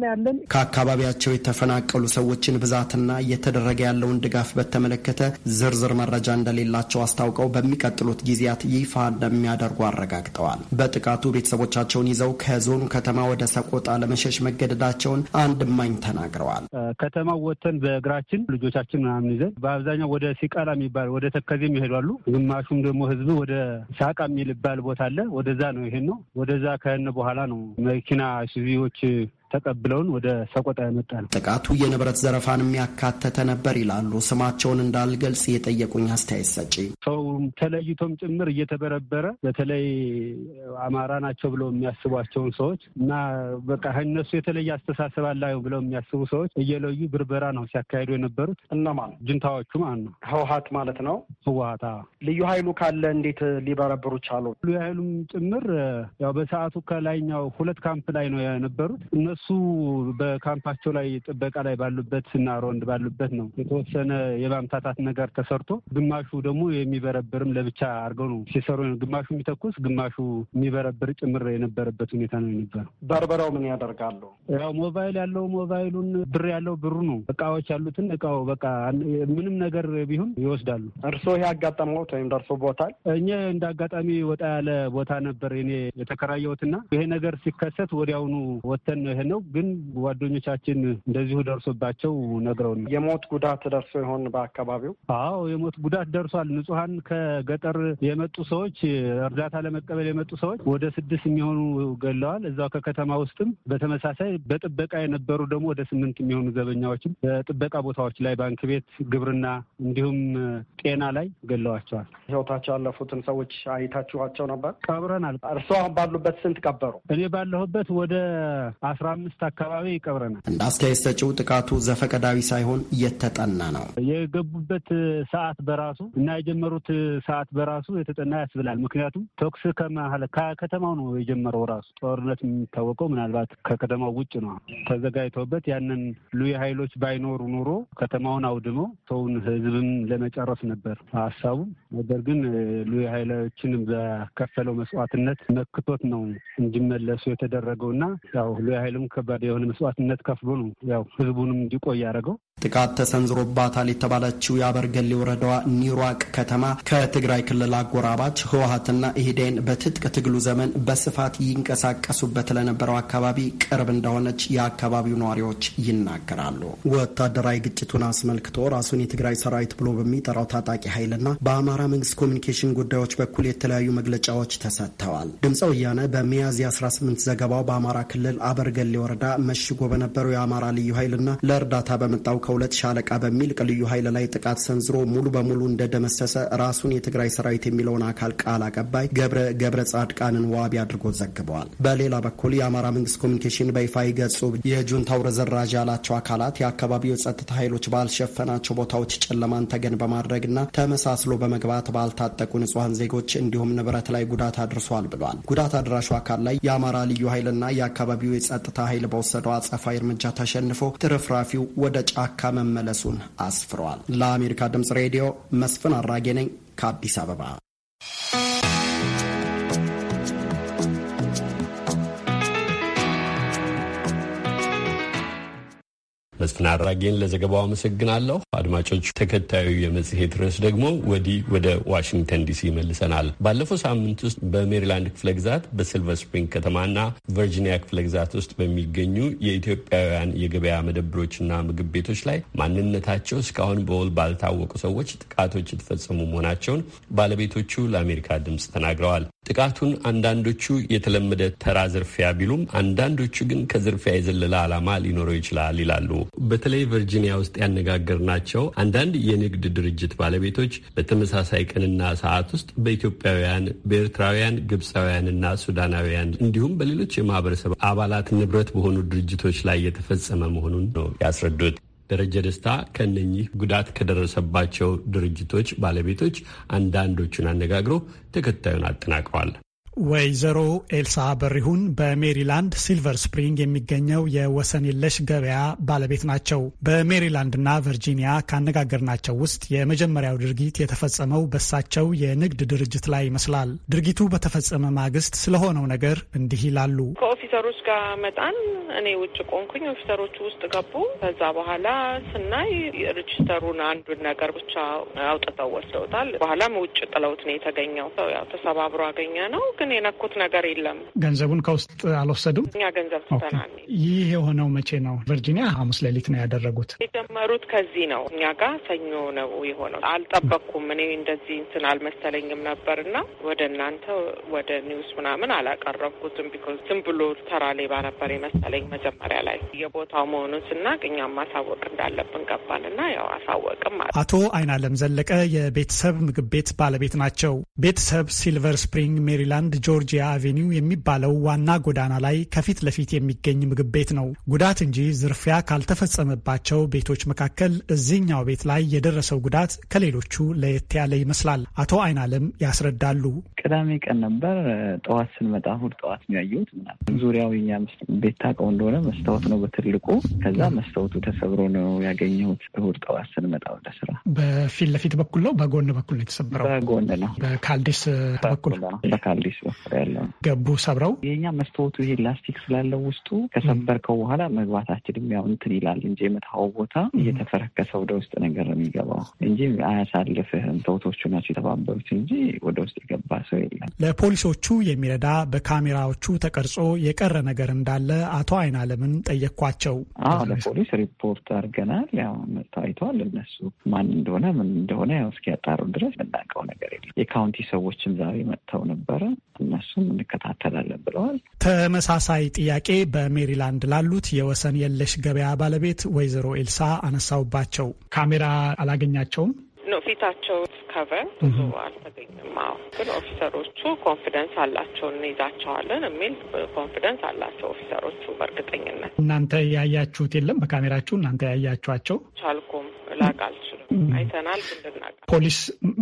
H: ና ያለን
G: ከአካባቢያቸው የተፈናቀሉ ሰዎችን ብዛትና እየተደረገ ያለውን ድጋፍ በተመለከተ ዝርዝር መረጃ እንደሌላቸው አስታ አስታውቀው በሚቀጥሉት ጊዜያት ይፋ እንደሚያደርጉ አረጋግጠዋል። በጥቃቱ ቤተሰቦቻቸውን ይዘው ከዞኑ ከተማ ወደ ሰቆጣ ለመሸሽ መገደዳቸውን አንድ እማኝ ተናግረዋል።
J: ከተማው ወጥተን በእግራችን ልጆቻችን ምናምን ይዘን በአብዛኛው ወደ ሲቃላ የሚባል ወደ ተከዜም ይሄዳሉ። ግማሹም ደግሞ ህዝብ ወደ ሳቃ የሚባል ቦታ አለ። ወደዛ ነው ይሄን ነው ወደዛ ከህን በኋላ ነው መኪና ሺቪዎች ተቀብለውን ወደ ሰቆጣ ያመጣ ነው።
G: ጥቃቱ የንብረት ዘረፋንም ያካተተ ነበር ይላሉ ስማቸውን እንዳልገልጽ የጠየቁኝ አስተያየት ሰጪ።
J: ሰውም ተለይቶም ጭምር እየተበረበረ በተለይ አማራ ናቸው ብለው የሚያስቧቸውን ሰዎች እና በቃ እነሱ የተለየ አስተሳሰብ አላዩ ብለው የሚያስቡ ሰዎች እየለዩ ብርበራ ነው ሲያካሂዱ የነበሩት። እነማን ጅንታዎቹ ማለት ነው?
I: ህወሀት ማለት ነው። ህወሀት ልዩ ኃይሉ ካለ እንዴት ሊበረብሩ ቻሉ? ልዩ ሀይሉም
J: ጭምር ያው በሰዓቱ ከላይኛው ሁለት ካምፕ ላይ ነው የነበሩት እነሱ በካምፓቸው ላይ ጥበቃ ላይ ባሉበት እና ሮንድ ባሉበት ነው የተወሰነ የማምታታት ነገር ተሰርቶ፣ ግማሹ ደግሞ የሚበረብርም ለብቻ አድርገው ነው ሲሰሩ፣ ግማሹ የሚተኩስ ግማሹ የሚበረብር ጭምር የነበረበት ሁኔታ ነው የነበረ። በርበራው ምን ያደርጋሉ? ያው ሞባይል ያለው ሞባይሉን፣ ብር ያለው ብሩ ነው። እቃዎች ያሉትን እቃው በቃ ምንም ነገር ቢሆን ይወስዳሉ።
I: እርሶ ይሄ አጋጠመዎት ወይም ደርሶ ቦታ
J: እኛ እንደ አጋጣሚ ወጣ ያለ ቦታ ነበር እኔ የተከራየሁትና ይሄ ነገር ሲከሰት ወዲያውኑ ወተን ነው። ግን ጓደኞቻችን እንደዚሁ ደርሶባቸው ነው።
I: የሞት ጉዳት ደርሶ ይሆን በአካባቢው?
J: አዎ የሞት ጉዳት ደርሷል። ንጹሐን ከገጠር የመጡ ሰዎች እርዳታ ለመቀበል የመጡ ሰዎች ወደ ስድስት የሚሆኑ ገለዋል። እዛው ከከተማ ውስጥም በተመሳሳይ በጥበቃ የነበሩ ደግሞ ወደ ስምንት የሚሆኑ ዘበኛዎችም በጥበቃ ቦታዎች ላይ ባንክ ቤት፣ ግብርና እንዲሁም ጤና ላይ ገለዋቸዋል።
I: ህይወታቸው ያለፉትን ሰዎች አይታችኋቸው ነበር? ቀብረናል።
J: እርስዎ ባሉበት ስንት ቀበሩ? እኔ ባለሁበት ወደ አስራ አምስት አካባቢ ይቀብረናል።
G: እንደ አስተያየት ሰጪው ጥቃቱ ዘፈቀዳዊ ሳይሆን እየተጠና ነው።
J: የገቡበት ሰዓት በራሱ እና የጀመሩት ሰዓት በራሱ የተጠና ያስብላል። ምክንያቱም ተኩስ ከመሀል ከከተማው ነው የጀመረው። ራሱ ጦርነት የሚታወቀው ምናልባት ከከተማው ውጭ ነው ተዘጋጅተውበት። ያንን ሉይ ኃይሎች ባይኖሩ ኑሮ ከተማውን አውድመው ሰውን ህዝብም ለመጨረስ ነበር ሀሳቡ። ነገር ግን ሉይ ኃይሎችን በከፈለው መስዋዕትነት መክቶት ነው እንዲመለሱ የተደረገውና ያው ሉይ ኃይልም በጣም ከባድ የሆነ መስዋዕትነት ከፍሎ ነው ያው ህዝቡንም እንዲቆይ ያደረገው።
G: ጥቃት ተሰንዝሮባታል የተባለችው የአበርገሌ ወረዳዋ ኒሯቅ ከተማ ከትግራይ ክልል አጎራባች ህወሀትና ኢህዴን በትጥቅ ትግሉ ዘመን በስፋት ይንቀሳቀሱበት ለነበረው አካባቢ ቅርብ እንደሆነች የአካባቢው ነዋሪዎች ይናገራሉ። ወታደራዊ ግጭቱን አስመልክቶ ራሱን የትግራይ ሰራዊት ብሎ በሚጠራው ታጣቂ ኃይልና በአማራ መንግስት ኮሚኒኬሽን ጉዳዮች በኩል የተለያዩ መግለጫዎች ተሰጥተዋል። ድምፀ ወያነ በሚያዝያ 18 ዘገባው በአማራ ክልል አበርገሌ በአያሌ ወረዳ መሽጎ በነበረው የአማራ ልዩ ኃይልና ለእርዳታ በመጣው ከሁለት ሻለቃ በሚል ልዩ ኃይል ላይ ጥቃት ሰንዝሮ ሙሉ በሙሉ እንደደመሰሰ ራሱን የትግራይ ሰራዊት የሚለውን አካል ቃል አቀባይ ገብረ ገብረ ጻድቃንን ዋቢ አድርጎ ዘግበዋል። በሌላ በኩል የአማራ መንግስት ኮሚኒኬሽን በይፋ ገጹ የጁንታው ረዘራዥ ያላቸው አካላት የአካባቢው ጸጥታ ኃይሎች ባልሸፈናቸው ቦታዎች ጨለማን ተገን በማድረግና ተመሳስሎ በመግባት ባልታጠቁ ንጹሐን ዜጎች እንዲሁም ንብረት ላይ ጉዳት አድርሷል ብሏል። ጉዳት አድራሹ አካል ላይ የአማራ ልዩ ኃይልና የአካባቢው የጸጥታ ኃይል በወሰደው አጸፋዊ እርምጃ ተሸንፎ ትርፍራፊው ወደ ጫካ መመለሱን አስፍሯል። ለአሜሪካ ድምጽ ሬዲዮ መስፍን አራጌ ነኝ ከአዲስ አበባ።
B: መስፍን አራጌን ለዘገባው አመሰግናለሁ። አድማጮች፣ ተከታዩ የመጽሔት ርዕስ ደግሞ ወዲህ ወደ ዋሽንግተን ዲሲ መልሰናል። ባለፈው ሳምንት ውስጥ በሜሪላንድ ክፍለ ግዛት በሲልቨር ስፕሪንግ ከተማና ቨርጂኒያ ክፍለ ግዛት ውስጥ በሚገኙ የኢትዮጵያውያን የገበያ መደብሮችና ምግብ ቤቶች ላይ ማንነታቸው እስካሁን በውል ባልታወቁ ሰዎች ጥቃቶች የተፈጸሙ መሆናቸውን ባለቤቶቹ ለአሜሪካ ድምፅ ተናግረዋል። ጥቃቱን አንዳንዶቹ የተለመደ ተራ ዝርፊያ ቢሉም፣ አንዳንዶቹ ግን ከዝርፊያ የዘለለ ዓላማ ሊኖረው ይችላል ይላሉ። በተለይ ቨርጂኒያ ውስጥ ያነጋገርናቸው አንዳንድ የንግድ ድርጅት ባለቤቶች በተመሳሳይ ቀንና ሰዓት ውስጥ በኢትዮጵያውያን፣ በኤርትራውያን፣ ግብፃውያንና ሱዳናውያን እንዲሁም በሌሎች የማህበረሰብ አባላት ንብረት በሆኑ ድርጅቶች ላይ የተፈጸመ መሆኑን ነው ያስረዱት። ደረጀ ደስታ ከነኚህ ጉዳት ከደረሰባቸው ድርጅቶች ባለቤቶች አንዳንዶቹን አነጋግሮ ተከታዩን አጠናቅሯል።
E: ወይዘሮ ኤልሳ በሪሁን በሜሪላንድ ሲልቨር ስፕሪንግ የሚገኘው የወሰን የለሽ ገበያ ባለቤት ናቸው። በሜሪላንድና ቨርጂኒያ ካነጋገርናቸው ውስጥ የመጀመሪያው ድርጊት የተፈጸመው በሳቸው የንግድ ድርጅት ላይ ይመስላል። ድርጊቱ በተፈጸመ ማግስት ስለሆነው ነገር እንዲህ ይላሉ።
K: ከኦፊሰሮች ጋር መጣን። እኔ ውጭ ቆንኩኝ፣ ኦፊሰሮቹ ውስጥ ገቡ። ከዛ በኋላ ስናይ ሬጅስተሩን አንዱን ነገር ብቻ አውጥተው ወስደውታል። በኋላም ውጭ ጥለውት ነው የተገኘው። ያው ተሰባብሮ አገኘ ነው ግን የነኩት ነገር የለም።
E: ገንዘቡን ከውስጥ አልወሰዱም።
K: እኛ ገንዘብ ትተናል።
E: ይህ የሆነው መቼ ነው? ቨርጂኒያ ሐሙስ ሌሊት ነው ያደረጉት።
K: የጀመሩት ከዚህ ነው። እኛ ጋር ሰኞ ነው የሆነው። አልጠበቅኩም። እኔ እንደዚህ እንትን አልመሰለኝም ነበር እና ወደ እናንተ ወደ ኒውስ ምናምን አላቀረብኩትም። ቢኮዝ ዝም ብሎ ተራ ሌባ ነበር የመሰለኝ መጀመሪያ ላይ። የቦታው መሆኑን ስናቅ እኛም ማሳወቅ እንዳለብን ገባንና ያው አሳወቅም።
E: አቶ አይናለም ዘለቀ የቤተሰብ ምግብ ቤት ባለቤት ናቸው። ቤተሰብ ሲልቨር ስፕሪንግ ሜሪላንድ አንድ ጆርጂያ አቬኒው የሚባለው ዋና ጎዳና ላይ ከፊት ለፊት የሚገኝ ምግብ ቤት ነው። ጉዳት እንጂ ዝርፊያ ካልተፈጸመባቸው ቤቶች መካከል እዚህኛው ቤት ላይ የደረሰው ጉዳት ከሌሎቹ ለየት ያለ ይመስላል። አቶ አይናለም ያስረዳሉ።
L: ቅዳሜ ቀን ነበር። ጠዋት ስንመጣ እሑድ ጠዋት ነው ያየሁት። ምናምን ዙሪያው የኛ ቤት ታውቀው እንደሆነ መስታወት ነው በትልቁ። ከዛ መስታወቱ ተሰብሮ ነው ያገኘሁት። እሑድ ጠዋት ስንመጣ ወደ ስራ
E: በፊት ለፊት በኩል ነው በጎን በኩል ነው የተሰበረው። በጎን ነው በካልዲስ በኩል
L: በካልዲስ ነበር ያለው። ገቡ ሰብረው የኛ መስታወቱ ይሄ ላስቲክ ስላለው ውስጡ ከሰበርከው በኋላ መግባታችንም ያው እንትን ይላል እንጂ የመታው ቦታ እየተፈረከሰ ወደ ውስጥ ነገር የሚገባው እንጂ አያሳልፍህም። ተውቶቹ ናቸው የተባበሩት እንጂ ወደ ውስጥ የገባ ሰው የለም።
E: ለፖሊሶቹ የሚረዳ በካሜራዎቹ ተቀርጾ የቀረ ነገር እንዳለ አቶ አይን አለምን ጠየኳቸው።
L: አዎ ለፖሊስ ሪፖርት አድርገናል።
E: ያው ታይቷል። እነሱ
L: ማን እንደሆነ ምን እንደሆነ ያው እስኪያጣሩ ድረስ የምናውቀው ነገር የለም። የካውንቲ ሰዎችም ዛሬ መጥተው ነበረ። እነሱም
E: እንከታተላለን ብለዋል። ተመሳሳይ ጥያቄ በሜሪላንድ ላሉት የወሰን የለሽ ገበያ ባለቤት ወይዘሮ ኤልሳ አነሳውባቸው። ካሜራ አላገኛቸውም
K: ነው ፊታቸው ከቨር ብዙ አልተገኘም። አዎ ግን ኦፊሰሮቹ ኮንፊደንስ አላቸው እንይዛቸዋለን የሚል ኮንፊደንስ አላቸው ኦፊሰሮቹ በእርግጠኝነት።
E: እናንተ ያያችሁት የለም በካሜራችሁ እናንተ ያያችኋቸው?
K: ቻልኩም ላቅ አልችልም። አይተናል
E: ፖሊስ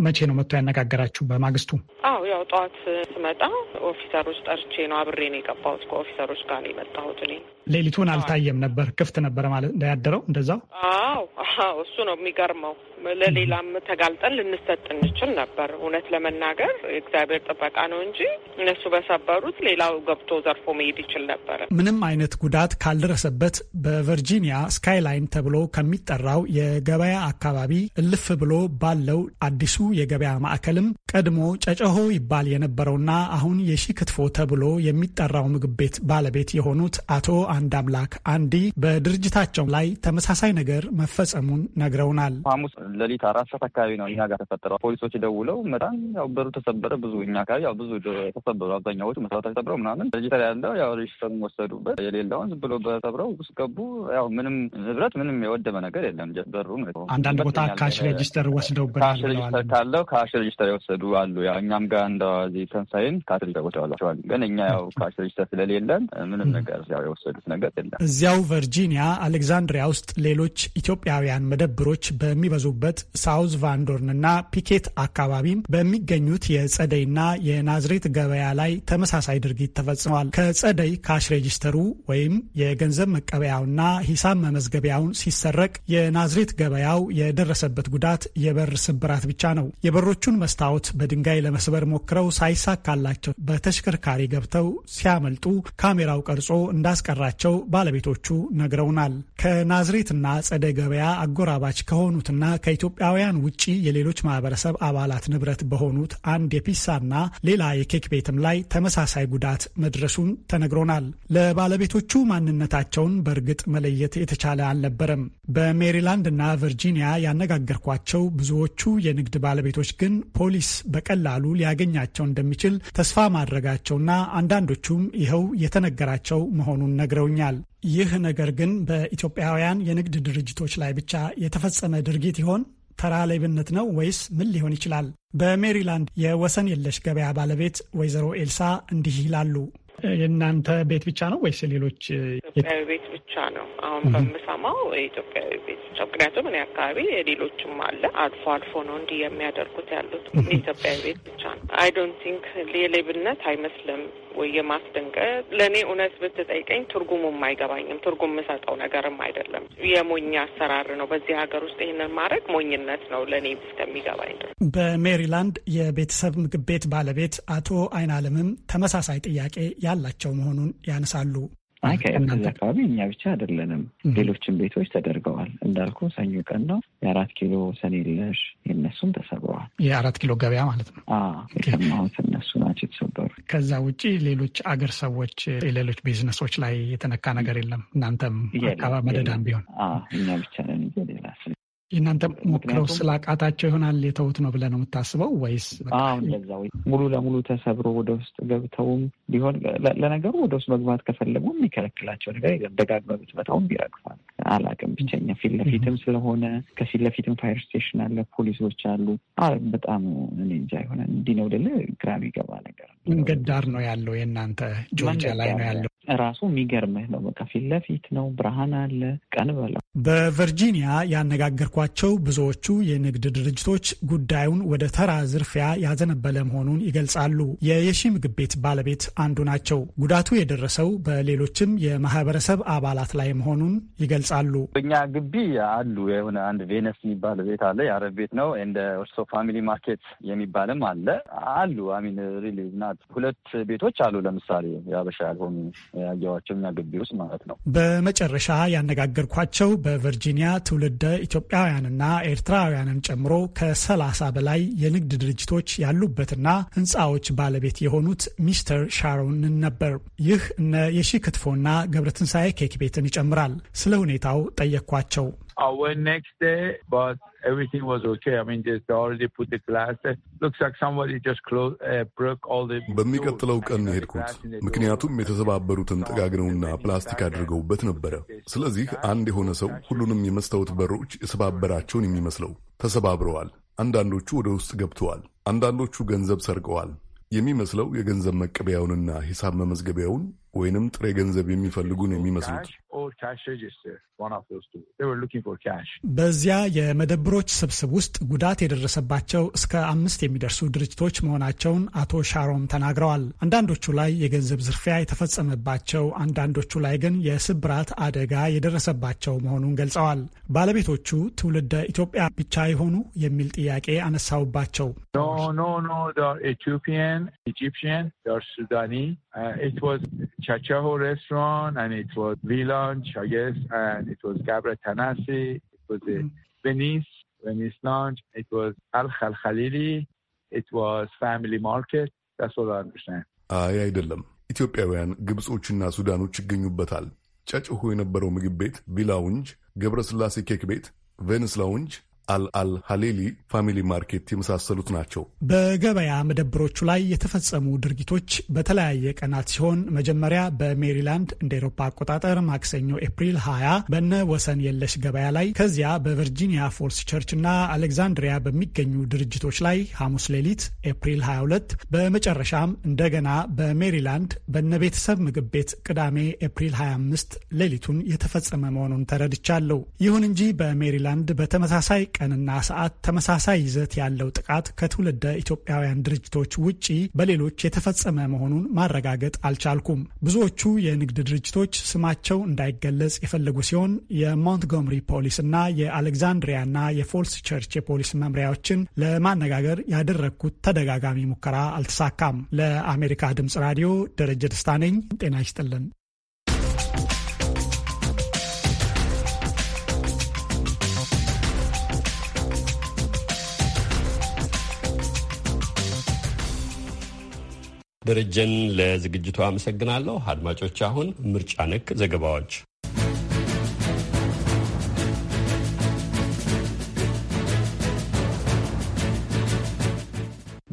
E: መቼ ነው መጥቶ ያነጋገራችሁ? በማግስቱ?
K: አዎ ያው ጠዋት ስመጣ ኦፊሰሮች ጠርቼ ነው አብሬ ነው የገባሁት። ከኦፊሰሮች ጋር ነው የመጣሁት እኔ።
E: ሌሊቱን አልታየም ነበር፣ ክፍት ነበረ ማለት እንዳያደረው እንደዛው።
K: አዎ አዎ፣ እሱ ነው የሚገርመው። ለሌላም ተጋልጠን ልንሰጥ እንችል ነበር። እውነት ለመናገር እግዚአብሔር ጥበቃ ነው እንጂ እነሱ በሰበሩት ሌላው ገብቶ ዘርፎ መሄድ ይችል ነበረ።
E: ምንም አይነት ጉዳት ካልደረሰበት በቨርጂኒያ ስካይላይን ተብሎ ከሚጠራው የገበያ አካባቢ እልፍ ብሎ ባለው አዲሱ የገበያ ማዕከልም ቀድሞ ጨጨሆ ይባል የነበረውና አሁን የሺ ክትፎ ተብሎ የሚጠራው ምግብ ቤት ባለቤት የሆኑት አቶ አንድ አምላክ አንዲ በድርጅታቸው ላይ ተመሳሳይ ነገር መፈጸሙን ነግረውናል። ሐሙስ
L: ሌሊት አራት ሰዓት አካባቢ ነው እኛ ጋር ተፈጠረው። ፖሊሶች ደውለው መጣን። ያው በሩ ተሰበረ። ብዙ እኛ አካባቢ ያው ብዙ ተሰበሩ። አብዛኛዎቹ መስራታቸው ተሰብረው ምናምን ድርጅት ላይ ያለው ያው ሬጅስተሩን ወሰዱበት። የሌለውን ዝም ብሎ በሰብረው ውስጥ ገቡ። ያው ምንም ንብረት ምንም የወደመ ነገር የለም። በሩ አንዳንድ ቦታ ካሽ
E: ሬጅስተር ወስደውበት ካሽ ሬጅስተር
L: ካለው ካሽ ሬጅስተር የወሰዱ አሉ። ያው እኛም ጋር እንደዚህ ተንሳ ላይም ከአትሌት ተጎድተዋል። ግን እኛ ያው ሬጅስተር ስለሌለን ምንም ነገር ያው የወሰዱት ነገር የለም።
E: እዚያው ቨርጂኒያ አሌክዛንድሪያ ውስጥ ሌሎች ኢትዮጵያውያን መደብሮች በሚበዙበት ሳውዝ ቫንዶርን እና ፒኬት አካባቢም በሚገኙት የጸደይና የናዝሬት ገበያ ላይ ተመሳሳይ ድርጊት ተፈጽሟል። ከጸደይ ካሽ ሬጅስተሩ ወይም የገንዘብ መቀበያውና ሂሳብ መመዝገቢያውን ሲሰረቅ የናዝሬት ገበያው የደረሰበት ጉዳት የበር ስብራት ብቻ ነው። የበሮቹን መስታወት በድንጋይ ለመስበር ሞክረው ሳይሳካ ካላቸው በተሽከርካሪ ገብተው ሲያመልጡ ካሜራው ቀርጾ እንዳስቀራቸው ባለቤቶቹ ነግረውናል። ከናዝሬትና ጸደ ገበያ አጎራባች ከሆኑትና ከኢትዮጵያውያን ውጭ የሌሎች ማህበረሰብ አባላት ንብረት በሆኑት አንድ የፒሳና ሌላ የኬክ ቤትም ላይ ተመሳሳይ ጉዳት መድረሱን ተነግሮናል። ለባለቤቶቹ ማንነታቸውን በእርግጥ መለየት የተቻለ አልነበረም። በሜሪላንድ ቨርጂኒያ ያነጋገርኳቸው ብዙዎቹ የንግድ ባለቤቶች ግን ፖሊስ በቀላሉ ሊያገኛቸው እንደሚችል ተስፋ ማድረጋቸውና አንዳንዶቹም ይኸው የተነገራቸው መሆኑን ነግረውኛል። ይህ ነገር ግን በኢትዮጵያውያን የንግድ ድርጅቶች ላይ ብቻ የተፈጸመ ድርጊት ይሆን? ተራ ሌብነት ነው ወይስ ምን ሊሆን ይችላል? በሜሪላንድ የወሰን የለሽ ገበያ ባለቤት ወይዘሮ ኤልሳ እንዲህ ይላሉ። የእናንተ ቤት ብቻ ነው ወይስ ሌሎች? ኢትዮጵያዊ
K: ቤት ብቻ ነው አሁን በምሰማው የኢትዮጵያዊ ቤት ብቻ። ምክንያቱም እኔ አካባቢ የሌሎችም አለ አልፎ አልፎ ነው እንዲህ የሚያደርጉት ያሉት። ኢትዮጵያዊ ቤት ብቻ ነው። አይ ዶንት ቲንክ የሌብነት አይመስልም። ወይ የማስደንቀጥ ለእኔ እውነት ብትጠይቀኝ ትርጉሙም አይገባኝም። ትርጉም የምሰጠው ነገርም አይደለም። የሞኝ አሰራር ነው። በዚህ ሀገር ውስጥ ይህንን ማድረግ ሞኝነት ነው ለእኔ እስከሚገባኝ
E: ድረስ። በሜሪላንድ የቤተሰብ ምግብ ቤት ባለቤት አቶ አይናለምም ተመሳሳይ ጥያቄ ያላቸው መሆኑን ያነሳሉ።
L: አይ ከኤርትዝ አካባቢ እኛ ብቻ አይደለንም፣ ሌሎችም ቤቶች ተደርገዋል። እንዳልኩ ሰኞ ቀን ነው የአራት ኪሎ ሰኔለሽ የነሱም
E: ተሰብረዋል። የአራት ኪሎ ገበያ ማለት ነው። የሰማሁት እነሱ ናቸው የተሰበሩ። ከዛ ውጭ ሌሎች አገር ሰዎች የሌሎች ቢዝነሶች ላይ የተነካ ነገር የለም። እናንተም አካባቢ መደዳም ቢሆን እኛ ብቻ ነን ሌላ የእናንተ ሞክረው ስላቃታቸው ይሆናል የተውት ነው ብለህ ነው የምታስበው ወይስ
L: ሙሉ ለሙሉ ተሰብሮ ወደ ውስጥ ገብተውም ቢሆን ለነገሩ ወደ ውስጥ መግባት ከፈለጉ የሚከለክላቸው ነገር ደጋግመህ ብትመታውም ቢረግፋል አላቅም ብቸኛ ፊት ለፊትም ስለሆነ ከፊት ለፊትም ፋይር ስቴሽን አለ፣ ፖሊሶች አሉ። በጣም እኔ እንጃ የሆነ እንዲህ ነው ደለ ግራም ይገባ ነገር
E: መንገድ ዳር ነው ያለው የእናንተ ጆርጂያ ላይ ነው ያለው
L: ራሱ የሚገርምህ ነው። በቃ ፊት ለፊት ነው፣ ብርሃን አለ፣
E: ቀን በለው። በቨርጂኒያ ያነጋገርኳቸው ብዙዎቹ የንግድ ድርጅቶች ጉዳዩን ወደ ተራ ዝርፊያ ያዘነበለ መሆኑን ይገልጻሉ። የየሺ ምግብ ቤት ባለቤት አንዱ ናቸው። ጉዳቱ የደረሰው በሌሎችም የማህበረሰብ አባላት ላይ መሆኑን ይገልጻሉ።
L: እኛ ግቢ አሉ የሆነ አንድ ቬነስ የሚባል ቤት አለ፣ የአረብ ቤት ነው። እንደ ኦርሶ ፋሚሊ ማርኬት የሚባልም አለ አሉ። አሚን ሪሊ ናት። ሁለት ቤቶች አሉ። ለምሳሌ የአበሻ ያልሆኑ ያየዋቸው እኛ ግቢ ውስጥ ማለት ነው።
E: በመጨረሻ ያነጋገርኳቸው በቨርጂኒያ ትውልደ ኢትዮጵያውያንና ኤርትራውያንን ጨምሮ ከሰላሳ በላይ የንግድ ድርጅቶች ያሉበትና ህንፃዎች ባለቤት የሆኑት ሚስተር ሻሮንን ነበር። ይህ እነ የሺ ክትፎና ገብረትንሳኤ ኬክ ቤትን ይጨምራል። ስለ ሁኔታው ጠየቅኳቸው።
C: everything was okay. I mean, they already
D: put the glass. Looks like somebody just closed, uh, broke all the. በሚቀጥለው ቀን ሄድኩት፣ ምክንያቱም የተሰባበሩትን ጠጋግነውና ፕላስቲክ አድርገውበት ነበረ። ስለዚህ አንድ የሆነ ሰው ሁሉንም የመስታወት በሮች የሰባበራቸውን የሚመስለው ተሰባብረዋል። አንዳንዶቹ ወደ ውስጥ ገብተዋል። አንዳንዶቹ ገንዘብ ሰርቀዋል። የሚመስለው የገንዘብ መቀበያውንና ሂሳብ መመዝገቢያውን ወይንም ጥሬ ገንዘብ የሚፈልጉ ነው የሚመስሉት። oh,
I: oh,
E: በዚያ የመደብሮች ስብስብ ውስጥ ጉዳት የደረሰባቸው እስከ አምስት የሚደርሱ ድርጅቶች መሆናቸውን አቶ ሻሮም ተናግረዋል። አንዳንዶቹ ላይ የገንዘብ ዝርፊያ የተፈጸመባቸው፣ አንዳንዶቹ ላይ ግን የስብራት አደጋ የደረሰባቸው መሆኑን ገልጸዋል። ባለቤቶቹ ትውልደ ኢትዮጵያ ብቻ የሆኑ የሚል ጥያቄ አነሳውባቸው።
C: ኢትዮጵያን፣ ኢጂፕሽን፣ ሱዳኒ Chachaho restaurant, and it was V-Lunch, I guess, and it was Gabra Tanasi, it was mm. Venice, Venice Lunch, it was Al Khal Khalili, it was Family Market. That's what I understand.
D: አይ አይደለም፣ ኢትዮጵያውያን ግብጾችና ሱዳኖች ይገኙበታል። ጨጭሆ የነበረው ምግብ ቤት ቪላውንጅ፣ ገብረስላሴ ኬክ ቤት፣ ቬንስ ላውንጅ አልአል ሀሌሊ ፋሚሊ ማርኬት የመሳሰሉት ናቸው።
E: በገበያ መደብሮቹ ላይ የተፈጸሙ ድርጊቶች በተለያየ ቀናት ሲሆን መጀመሪያ በሜሪላንድ እንደ ኤሮፓ አቆጣጠር ማክሰኞ ኤፕሪል 20 በነ ወሰን የለሽ ገበያ ላይ፣ ከዚያ በቨርጂኒያ ፎልስ ቸርች እና አሌክዛንድሪያ በሚገኙ ድርጅቶች ላይ ሐሙስ ሌሊት ኤፕሪል 22፣ በመጨረሻም እንደገና በሜሪላንድ በነ ቤተሰብ ምግብ ቤት ቅዳሜ ኤፕሪል 25 ሌሊቱን የተፈጸመ መሆኑን ተረድቻለሁ። ይሁን እንጂ በሜሪላንድ በተመሳሳይ ቀንና ሰዓት ተመሳሳይ ይዘት ያለው ጥቃት ከትውልደ ኢትዮጵያውያን ድርጅቶች ውጪ በሌሎች የተፈጸመ መሆኑን ማረጋገጥ አልቻልኩም። ብዙዎቹ የንግድ ድርጅቶች ስማቸው እንዳይገለጽ የፈለጉ ሲሆን የሞንትጎምሪ ፖሊስና የአሌክዛንድሪያና የፎልስ ቸርች የፖሊስ መምሪያዎችን ለማነጋገር ያደረግኩት ተደጋጋሚ ሙከራ አልተሳካም። ለአሜሪካ ድምጽ ራዲዮ ደረጀ ደስታ ነኝ። ጤና ይስጥልን።
B: ደረጀን ለዝግጅቱ አመሰግናለሁ። አድማጮች፣ አሁን ምርጫ ነክ ዘገባዎች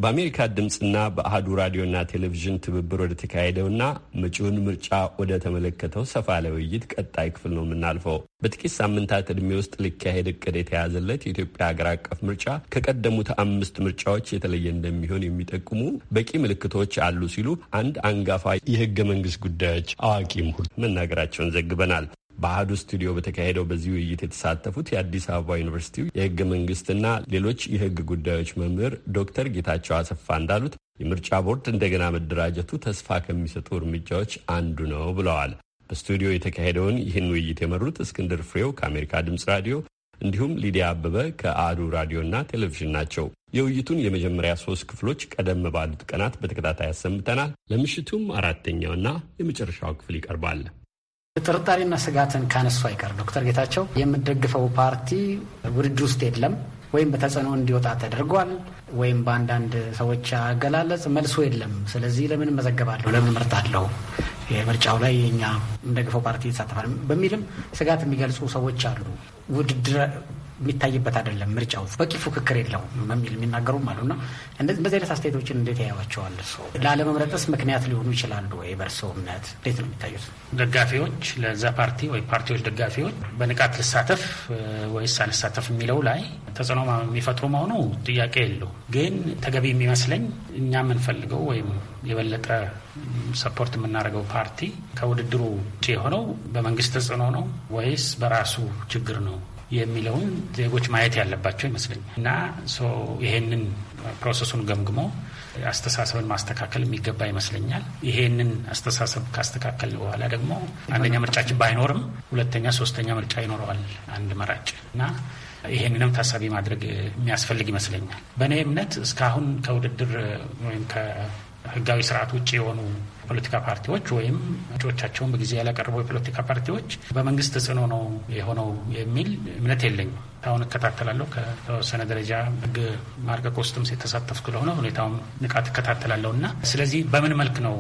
B: በአሜሪካ ድምፅና በአህዱ ራዲዮና ቴሌቪዥን ትብብር ወደ ተካሄደውና መጪውን ምርጫ ወደ ተመለከተው ሰፋ ያለ ውይይት ቀጣይ ክፍል ነው የምናልፈው። በጥቂት ሳምንታት ዕድሜ ውስጥ ሊካሄድ እቅድ የተያዘለት የኢትዮጵያ ሀገር አቀፍ ምርጫ ከቀደሙት አምስት ምርጫዎች የተለየ እንደሚሆን የሚጠቁሙ በቂ ምልክቶች አሉ ሲሉ አንድ አንጋፋ የህገ መንግስት ጉዳዮች አዋቂ ምሁር መናገራቸውን ዘግበናል። በአህዱ ስቱዲዮ በተካሄደው በዚህ ውይይት የተሳተፉት የአዲስ አበባ ዩኒቨርሲቲው የህገ መንግስትና ሌሎች የህግ ጉዳዮች መምህር ዶክተር ጌታቸው አሰፋ እንዳሉት የምርጫ ቦርድ እንደገና መደራጀቱ ተስፋ ከሚሰጡ እርምጃዎች አንዱ ነው ብለዋል። በስቱዲዮ የተካሄደውን ይህን ውይይት የመሩት እስክንድር ፍሬው ከአሜሪካ ድምፅ ራዲዮ እንዲሁም ሊዲያ አበበ ከአዱ ራዲዮና ቴሌቪዥን ናቸው። የውይይቱን የመጀመሪያ ሶስት ክፍሎች ቀደም ባሉት ቀናት በተከታታይ ያሰምተናል። ለምሽቱም አራተኛውና የመጨረሻው ክፍል ይቀርባል።
F: ጥርጣሬና ስጋትን ካነሱ አይቀር ዶክተር ጌታቸው የምደግፈው ፓርቲ ውድድር ውስጥ የለም ወይም በተጽዕኖ እንዲወጣ ተደርጓል ወይም በአንዳንድ ሰዎች አገላለጽ መልሶ የለም። ስለዚህ ለምን መዘገባለሁ፣ ለምን መርጣለሁ፣ የምርጫው ላይ የኛ የምደግፈው ፓርቲ ይሳተፋል በሚልም ስጋት የሚገልጹ ሰዎች አሉ። ውድድር የሚታይበት አይደለም ምርጫው በቂ ፉክክር የለውም በሚል የሚናገሩም አሉና እንደዚህ አይነት አስተያየቶችን እንዴት ያያቸዋል? ሰው ለአለመምረጥስ ምክንያት ሊሆኑ ይችላሉ ወይ? በእርስዎ እምነት እንዴት ነው የሚታዩት?
M: ደጋፊዎች ለዛ ፓርቲ ወይ ፓርቲዎች ደጋፊዎች በንቃት ልሳተፍ ወይስ አልሳተፍ የሚለው ላይ ተጽዕኖ የሚፈጥሩ መሆኑ ጥያቄ የለው። ግን ተገቢ የሚመስለኝ እኛ የምንፈልገው ወይም የበለጠ ሰፖርት የምናደርገው ፓርቲ ከውድድሩ ውጭ የሆነው በመንግስት ተጽዕኖ ነው ወይስ በራሱ ችግር ነው የሚለውን ዜጎች ማየት ያለባቸው ይመስለኛል እና ይሄንን ፕሮሰሱን ገምግሞ አስተሳሰብን ማስተካከል የሚገባ ይመስለኛል። ይሄንን አስተሳሰብ ካስተካከል በኋላ ደግሞ አንደኛ ምርጫችን ባይኖርም ሁለተኛ፣ ሶስተኛ ምርጫ ይኖረዋል አንድ መራጭ እና ይሄንንም ታሳቢ ማድረግ የሚያስፈልግ ይመስለኛል። በእኔ እምነት እስካሁን ከውድድር ወይም ከህጋዊ ስርዓት ውጭ የሆኑ ፖለቲካ ፓርቲዎች ወይም እጩዎቻቸውን በጊዜ ያላቀረቡ የፖለቲካ ፓርቲዎች በመንግስት ተጽዕኖ ነው የሆነው የሚል እምነት የለኝም። አሁን እከታተላለሁ። ከተወሰነ ደረጃ ህግ ማርቀቅ ውስጥም የተሳተፍኩ ስለሆነ ሁኔታውን ንቃት እከታተላለሁ እና ስለዚህ በምን መልክ ነው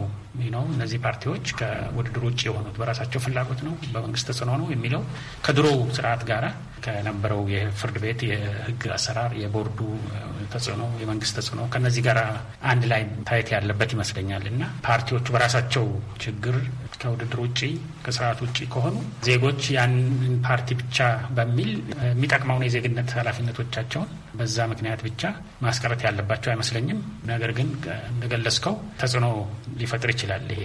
M: ነው። እነዚህ ፓርቲዎች ከውድድር ውጭ የሆኑት በራሳቸው ፍላጎት ነው፣ በመንግስት ተጽዕኖ ነው የሚለው ከድሮው ስርዓት ጋር ከነበረው የፍርድ ቤት የህግ አሰራር፣ የቦርዱ ተጽዕኖ፣ የመንግስት ተጽዕኖ ከነዚህ ጋር አንድ ላይ ታየት ያለበት ይመስለኛል እና ፓርቲዎቹ በራሳቸው ችግር ከውድድር ውጭ ከስርዓት ውጭ ከሆኑ ዜጎች ያንን ፓርቲ ብቻ በሚል የሚጠቅመውን የዜግነት ኃላፊነቶቻቸውን በዛ ምክንያት ብቻ ማስቀረት ያለባቸው አይመስለኝም። ነገር ግን እንደገለጽከው ተጽዕኖ ሊፈጥር ይችላል ይሄ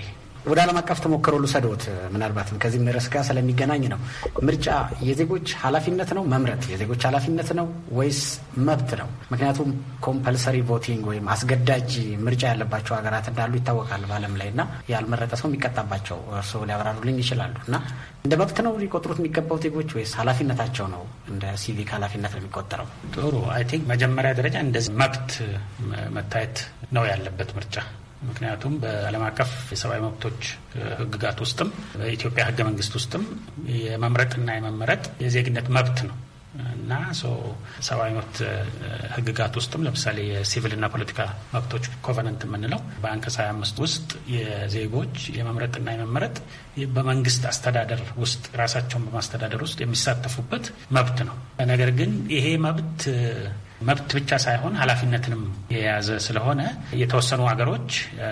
F: ወደ ዓለም አቀፍ ተሞክሮ ልውሰዶት። ምናልባትም ከዚህ ርዕስ ጋር ስለሚገናኝ ነው። ምርጫ የዜጎች ኃላፊነት ነው መምረጥ የዜጎች ኃላፊነት ነው ወይስ መብት ነው? ምክንያቱም ኮምፐልሰሪ ቮቲንግ ወይም አስገዳጅ ምርጫ ያለባቸው ሀገራት እንዳሉ ይታወቃል በዓለም ላይ እና ያልመረጠ ሰው የሚቀጣባቸው እርስዎ ሊያብራሩልኝ ይችላሉ። እና እንደ መብት ነው ሊቆጥሩት የሚገባው ዜጎች ወይስ ኃላፊነታቸው ነው እንደ ሲቪክ ኃላፊነት ነው የሚቆጠረው? ጥሩ አይ ቲንክ መጀመሪያ ደረጃ እንደዚህ
M: መብት መታየት ነው ያለበት ምርጫ ምክንያቱም በዓለም አቀፍ የሰብአዊ መብቶች ህግጋት ውስጥም በኢትዮጵያ ህገ መንግስት ውስጥም የመምረጥና የመመረጥ የዜግነት መብት ነው እና ሰብአዊ መብት ህግጋት ውስጥም ለምሳሌ የሲቪልና ፖለቲካ መብቶች ኮቨነንት የምንለው በአንቀጽ 25 ውስጥ የዜጎች የመምረጥና የመመረጥ በመንግስት አስተዳደር ውስጥ ራሳቸውን በማስተዳደር ውስጥ የሚሳተፉበት መብት ነው። ነገር ግን ይሄ መብት መብት ብቻ ሳይሆን ኃላፊነትንም የያዘ ስለሆነ የተወሰኑ ሀገሮች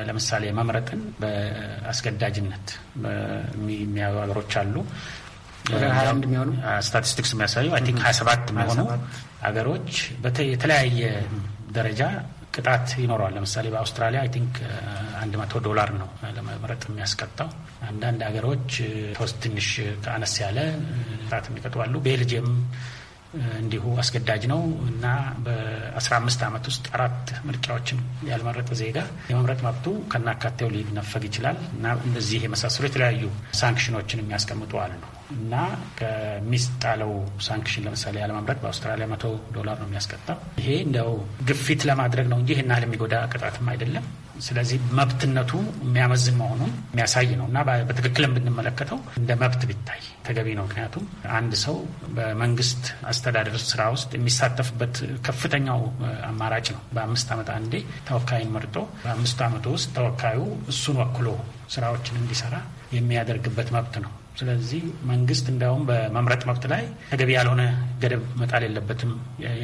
M: ለምሳሌ መምረጥን በአስገዳጅነት የሚያዩ ሀገሮች አሉ። ስታቲስቲክስ የሚያሳዩ አይ ቲንክ የሚሆኑ ሀገሮች የተለያየ ደረጃ ቅጣት ይኖረዋል። ለምሳሌ በአውስትራሊያ አይ ቲንክ አንድ መቶ ዶላር ነው ለመምረጥ የሚያስቀጣው። አንዳንድ ሀገሮች ትንሽ ከአነስ ያለ ቅጣት የሚቀጥባሉ። ቤልጅየም እንዲሁ አስገዳጅ ነው እና በ15 ዓመት ውስጥ አራት ምርጫዎችን ያልመረጠ ዜጋ የመምረጥ መብቱ ከናካቴው ሊነፈግ ይችላል እና እንደዚህ የመሳሰሉ የተለያዩ ሳንክሽኖችን የሚያስቀምጡ ነው። እና ከሚስጣለው ሳንክሽን ለምሳሌ ያለማምረት በአውስትራሊያ መቶ ዶላር ነው የሚያስቀጣው። ይሄ እንደው ግፊት ለማድረግ ነው እንጂ ይህን የሚጎዳ ቅጣትም አይደለም። ስለዚህ መብትነቱ የሚያመዝን መሆኑን የሚያሳይ ነው እና በትክክልም ብንመለከተው እንደ መብት ቢታይ ተገቢ ነው። ምክንያቱም አንድ ሰው በመንግስት አስተዳደር ስራ ውስጥ የሚሳተፍበት ከፍተኛው አማራጭ ነው። በአምስት ዓመት አንዴ ተወካይን መርጦ በአምስቱ ዓመቱ ውስጥ ተወካዩ እሱን ወክሎ ስራዎችን እንዲሰራ የሚያደርግበት መብት ነው። ስለዚህ መንግስት እንዲያውም በመምረጥ መብት ላይ ተገቢ ያልሆነ ገደብ መጣል የለበትም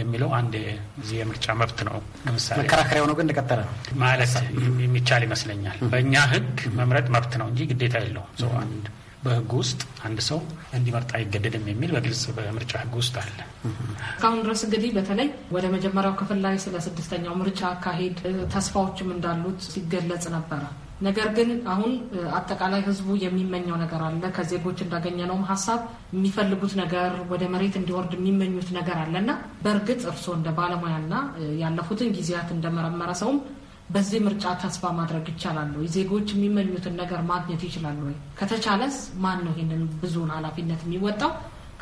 M: የሚለው አንድ እዚህ የምርጫ መብት ነው።
F: ለምሳሌ መከራከሪያ ሆኖ ግን እንደቀጠለ ነው
M: ማለት የሚቻል ይመስለኛል። በእኛ ህግ መምረጥ መብት ነው እንጂ ግዴታ የለውም። አንድ በህግ ውስጥ አንድ ሰው እንዲመርጥ አይገደድም የሚል በግልጽ በምርጫ ህግ ውስጥ አለ።
N: እስካሁን ድረስ እንግዲህ በተለይ ወደ መጀመሪያው ክፍል ላይ ስለ ስድስተኛው ምርጫ አካሄድ ተስፋዎችም እንዳሉት ሲገለጽ ነበረ። ነገር ግን አሁን አጠቃላይ ህዝቡ የሚመኘው ነገር አለ። ከዜጎች እንዳገኘነውም ሀሳብ የሚፈልጉት ነገር ወደ መሬት እንዲወርድ የሚመኙት ነገር አለና በእርግጥ እርስዎ እንደ ባለሙያና ያለፉትን ጊዜያት እንደመረመረ ሰውም በዚህ ምርጫ ተስፋ ማድረግ ይቻላል ወይ? ዜጎች የሚመኙትን ነገር ማግኘት ይችላሉ ወይ? ከተቻለስ ማን ነው ይህንን ብዙውን ኃላፊነት የሚወጣው?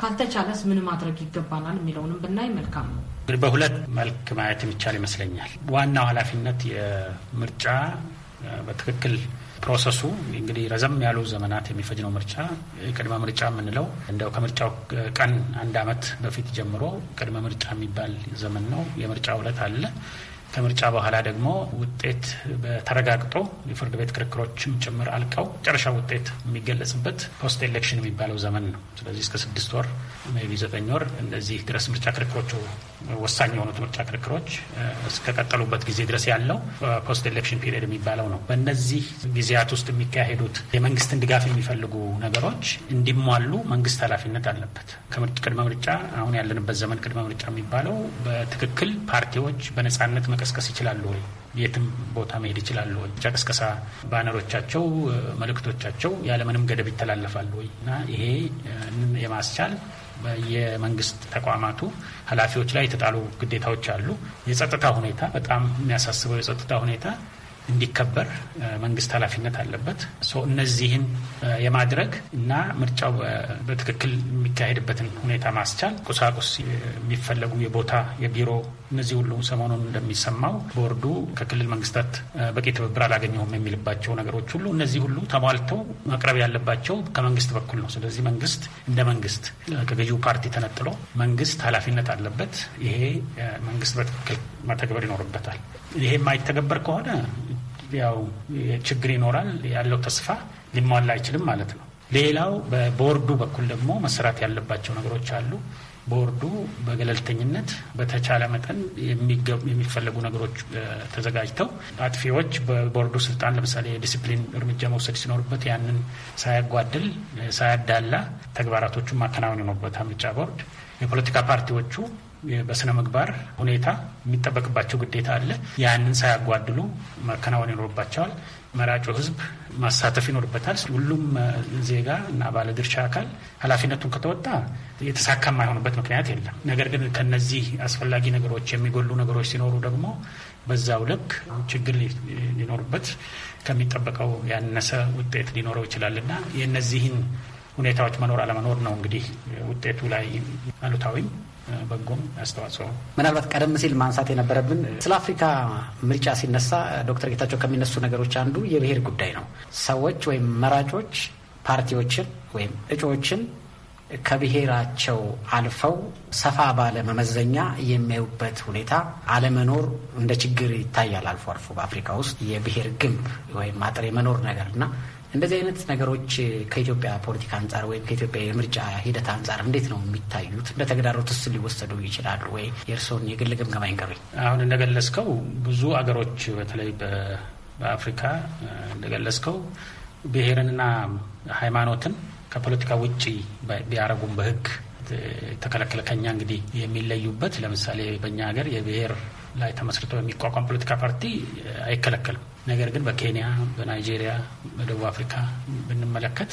N: ካልተቻለስ ምን ማድረግ ይገባናል የሚለውንም ብናይ መልካም ነው።
M: እንግዲህ በሁለት መልክ ማየት የሚቻል ይመስለኛል። ዋናው ኃላፊነት የምርጫ በትክክል ፕሮሰሱ እንግዲህ ረዘም ያሉ ዘመናት የሚፈጅ ነው። ምርጫ ቅድመ ምርጫ የምንለው እንደው ከምርጫው ቀን አንድ አመት በፊት ጀምሮ ቅድመ ምርጫ የሚባል ዘመን ነው። የምርጫ ዕለት አለ። ከምርጫ በኋላ ደግሞ ውጤት በተረጋግጦ የፍርድ ቤት ክርክሮችም ጭምር አልቀው መጨረሻ ውጤት የሚገለጽበት ፖስት ኤሌክሽን የሚባለው ዘመን ነው። ስለዚህ እስከ ስድስት ወር ቢ ዘጠኝ ወር እንደዚህ ድረስ ምርጫ ክርክሮቹ ወሳኝ የሆኑት ምርጫ ክርክሮች እስከቀጠሉበት ጊዜ ድረስ ያለው ፖስት ኤሌክሽን ፒሪየድ የሚባለው ነው። በእነዚህ ጊዜያት ውስጥ የሚካሄዱት የመንግስትን ድጋፍ የሚፈልጉ ነገሮች እንዲሟሉ መንግስት ኃላፊነት አለበት። ቅድመ ምርጫ አሁን ያለንበት ዘመን ቅድመ ምርጫ የሚባለው በትክክል ፓርቲዎች በነጻነት መቀስቀስ ይችላሉ ወይ? የትም ቦታ መሄድ ይችላሉ ወይ? ብቻ ባነሮቻቸው፣ መልእክቶቻቸው ያለምንም ገደብ ይተላለፋሉ ወይ? እና ይሄ የማስቻል የመንግስት ተቋማቱ ኃላፊዎች ላይ የተጣሉ ግዴታዎች አሉ። የጸጥታ ሁኔታ በጣም የሚያሳስበው የጸጥታ ሁኔታ እንዲከበር መንግስት ኃላፊነት አለበት። እነዚህን የማድረግ እና ምርጫው በትክክል የሚካሄድበትን ሁኔታ ማስቻል ቁሳቁስ የሚፈለጉ የቦታ የቢሮ እነዚህ ሁሉ ሰሞኑን እንደሚሰማው ቦርዱ ከክልል መንግስታት በቂ ትብብር አላገኘሁም የሚልባቸው ነገሮች ሁሉ እነዚህ ሁሉ ተሟልተው መቅረብ ያለባቸው ከመንግስት በኩል ነው። ስለዚህ መንግስት እንደ መንግስት ከገዢው ፓርቲ ተነጥሎ መንግስት ኃላፊነት አለበት። ይሄ መንግስት በትክክል መተግበር ይኖርበታል። ይሄ የማይተገበር ከሆነ ያው ችግር ይኖራል። ያለው ተስፋ ሊሟላ አይችልም ማለት ነው። ሌላው በቦርዱ በኩል ደግሞ መሰራት ያለባቸው ነገሮች አሉ። ቦርዱ በገለልተኝነት በተቻለ መጠን የሚፈለጉ ነገሮች ተዘጋጅተው አጥፊዎች በቦርዱ ስልጣን ለምሳሌ የዲሲፕሊን እርምጃ መውሰድ ሲኖርበት ያንን ሳያጓድል ሳያዳላ ተግባራቶቹን ማከናወን ይኖርበታል። ምርጫ ቦርድ የፖለቲካ ፓርቲዎቹ በስነ ምግባር ሁኔታ የሚጠበቅባቸው ግዴታ አለ። ያንን ሳያጓድሉ መከናወን ይኖርባቸዋል። መራጩ ህዝብ ማሳተፍ ይኖርበታል። ሁሉም ዜጋ እና ባለድርሻ አካል ኃላፊነቱን ከተወጣ የተሳካ የማይሆንበት ምክንያት የለም። ነገር ግን ከነዚህ አስፈላጊ ነገሮች የሚጎሉ ነገሮች ሲኖሩ ደግሞ በዛው ልክ ችግር ሊኖርበት ከሚጠበቀው ያነሰ ውጤት ሊኖረው ይችላል እና የእነዚህን ሁኔታዎች መኖር አለመኖር ነው እንግዲህ ውጤቱ ላይ አሉታዊም በጎም አስተዋጽኦ
F: ምናልባት ቀደም ሲል ማንሳት የነበረብን ስለ አፍሪካ ምርጫ ሲነሳ ዶክተር ጌታቸው ከሚነሱ ነገሮች አንዱ የብሔር ጉዳይ ነው። ሰዎች ወይም መራጮች ፓርቲዎችን ወይም እጩዎችን ከብሔራቸው አልፈው ሰፋ ባለ መመዘኛ የሚያዩበት ሁኔታ አለመኖር እንደ ችግር ይታያል። አልፎ አልፎ በአፍሪካ ውስጥ የብሔር ግንብ ወይም አጥር የመኖር ነገር እና እንደዚህ አይነት ነገሮች ከኢትዮጵያ ፖለቲካ አንጻር ወይም ከኢትዮጵያ የምርጫ ሂደት አንጻር እንዴት ነው የሚታዩት? እንደ ተግዳሮት ሊወሰዱ ይችላሉ ወይ? የእርስዎን የግል ግምገማ ይንገሩኝ።
M: አሁን እንደገለጽከው ብዙ አገሮች በተለይ በአፍሪካ እንደገለጽከው ብሔርንና ሃይማኖትን ከፖለቲካ ውጭ ቢያረጉም በህግ የተከለከለ ከኛ እንግዲህ የሚለዩበት ለምሳሌ በእኛ ሀገር የብሔር ላይ ተመስርቶ የሚቋቋም ፖለቲካ ፓርቲ አይከለከልም። ነገር ግን በኬንያ፣ በናይጄሪያ፣ በደቡብ አፍሪካ ብንመለከት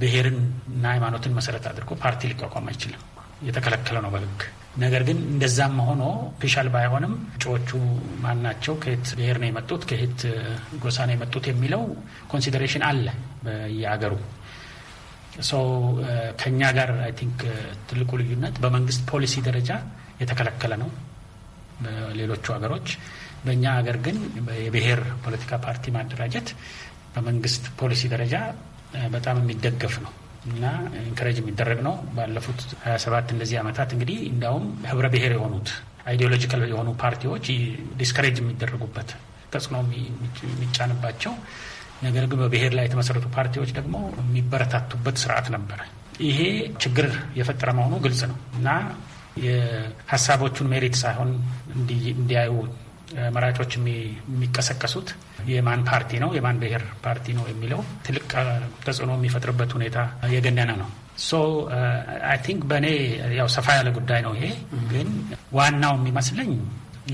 M: ብሔርን እና ሃይማኖትን መሰረት አድርጎ ፓርቲ ሊቋቋም አይችልም። የተከለከለ ነው በህግ ነገር ግን እንደዛም ሆኖ ፔሻል ባይሆንም እጩዎቹ ማናቸው፣ ከየት ብሔር ነው የመጡት፣ ከየት ጎሳ ነው የመጡት የሚለው ኮንሲደሬሽን አለ በየአገሩ ሰው ከኛ ጋር አይ ቲንክ ትልቁ ልዩነት በመንግስት ፖሊሲ ደረጃ የተከለከለ ነው በሌሎቹ ሀገሮች በእኛ ሀገር ግን የብሔር ፖለቲካ ፓርቲ ማደራጀት በመንግስት ፖሊሲ ደረጃ በጣም የሚደገፍ ነው እና ኢንከሬጅ የሚደረግ ነው። ባለፉት 27 እንደዚህ ዓመታት እንግዲህ እንዲያውም ህብረ ብሔር የሆኑት አይዲዮሎጂካል የሆኑ ፓርቲዎች ዲስከሬጅ የሚደረጉበት ተጽዕኖ የሚጫንባቸው ነገር ግን በብሔር ላይ የተመሰረቱ ፓርቲዎች ደግሞ የሚበረታቱበት ስርዓት ነበረ። ይሄ ችግር የፈጠረ መሆኑ ግልጽ ነው እና የሀሳቦቹን ሜሪት ሳይሆን እንዲያዩ መራጮች የሚቀሰቀሱት የማን ፓርቲ ነው የማን ብሔር ፓርቲ ነው የሚለው ትልቅ ተጽዕኖ የሚፈጥርበት ሁኔታ የገነነ ነው። ሶ አይ ቲንክ በእኔ ያው ሰፋ ያለ ጉዳይ ነው ይሄ። ግን ዋናው የሚመስለኝ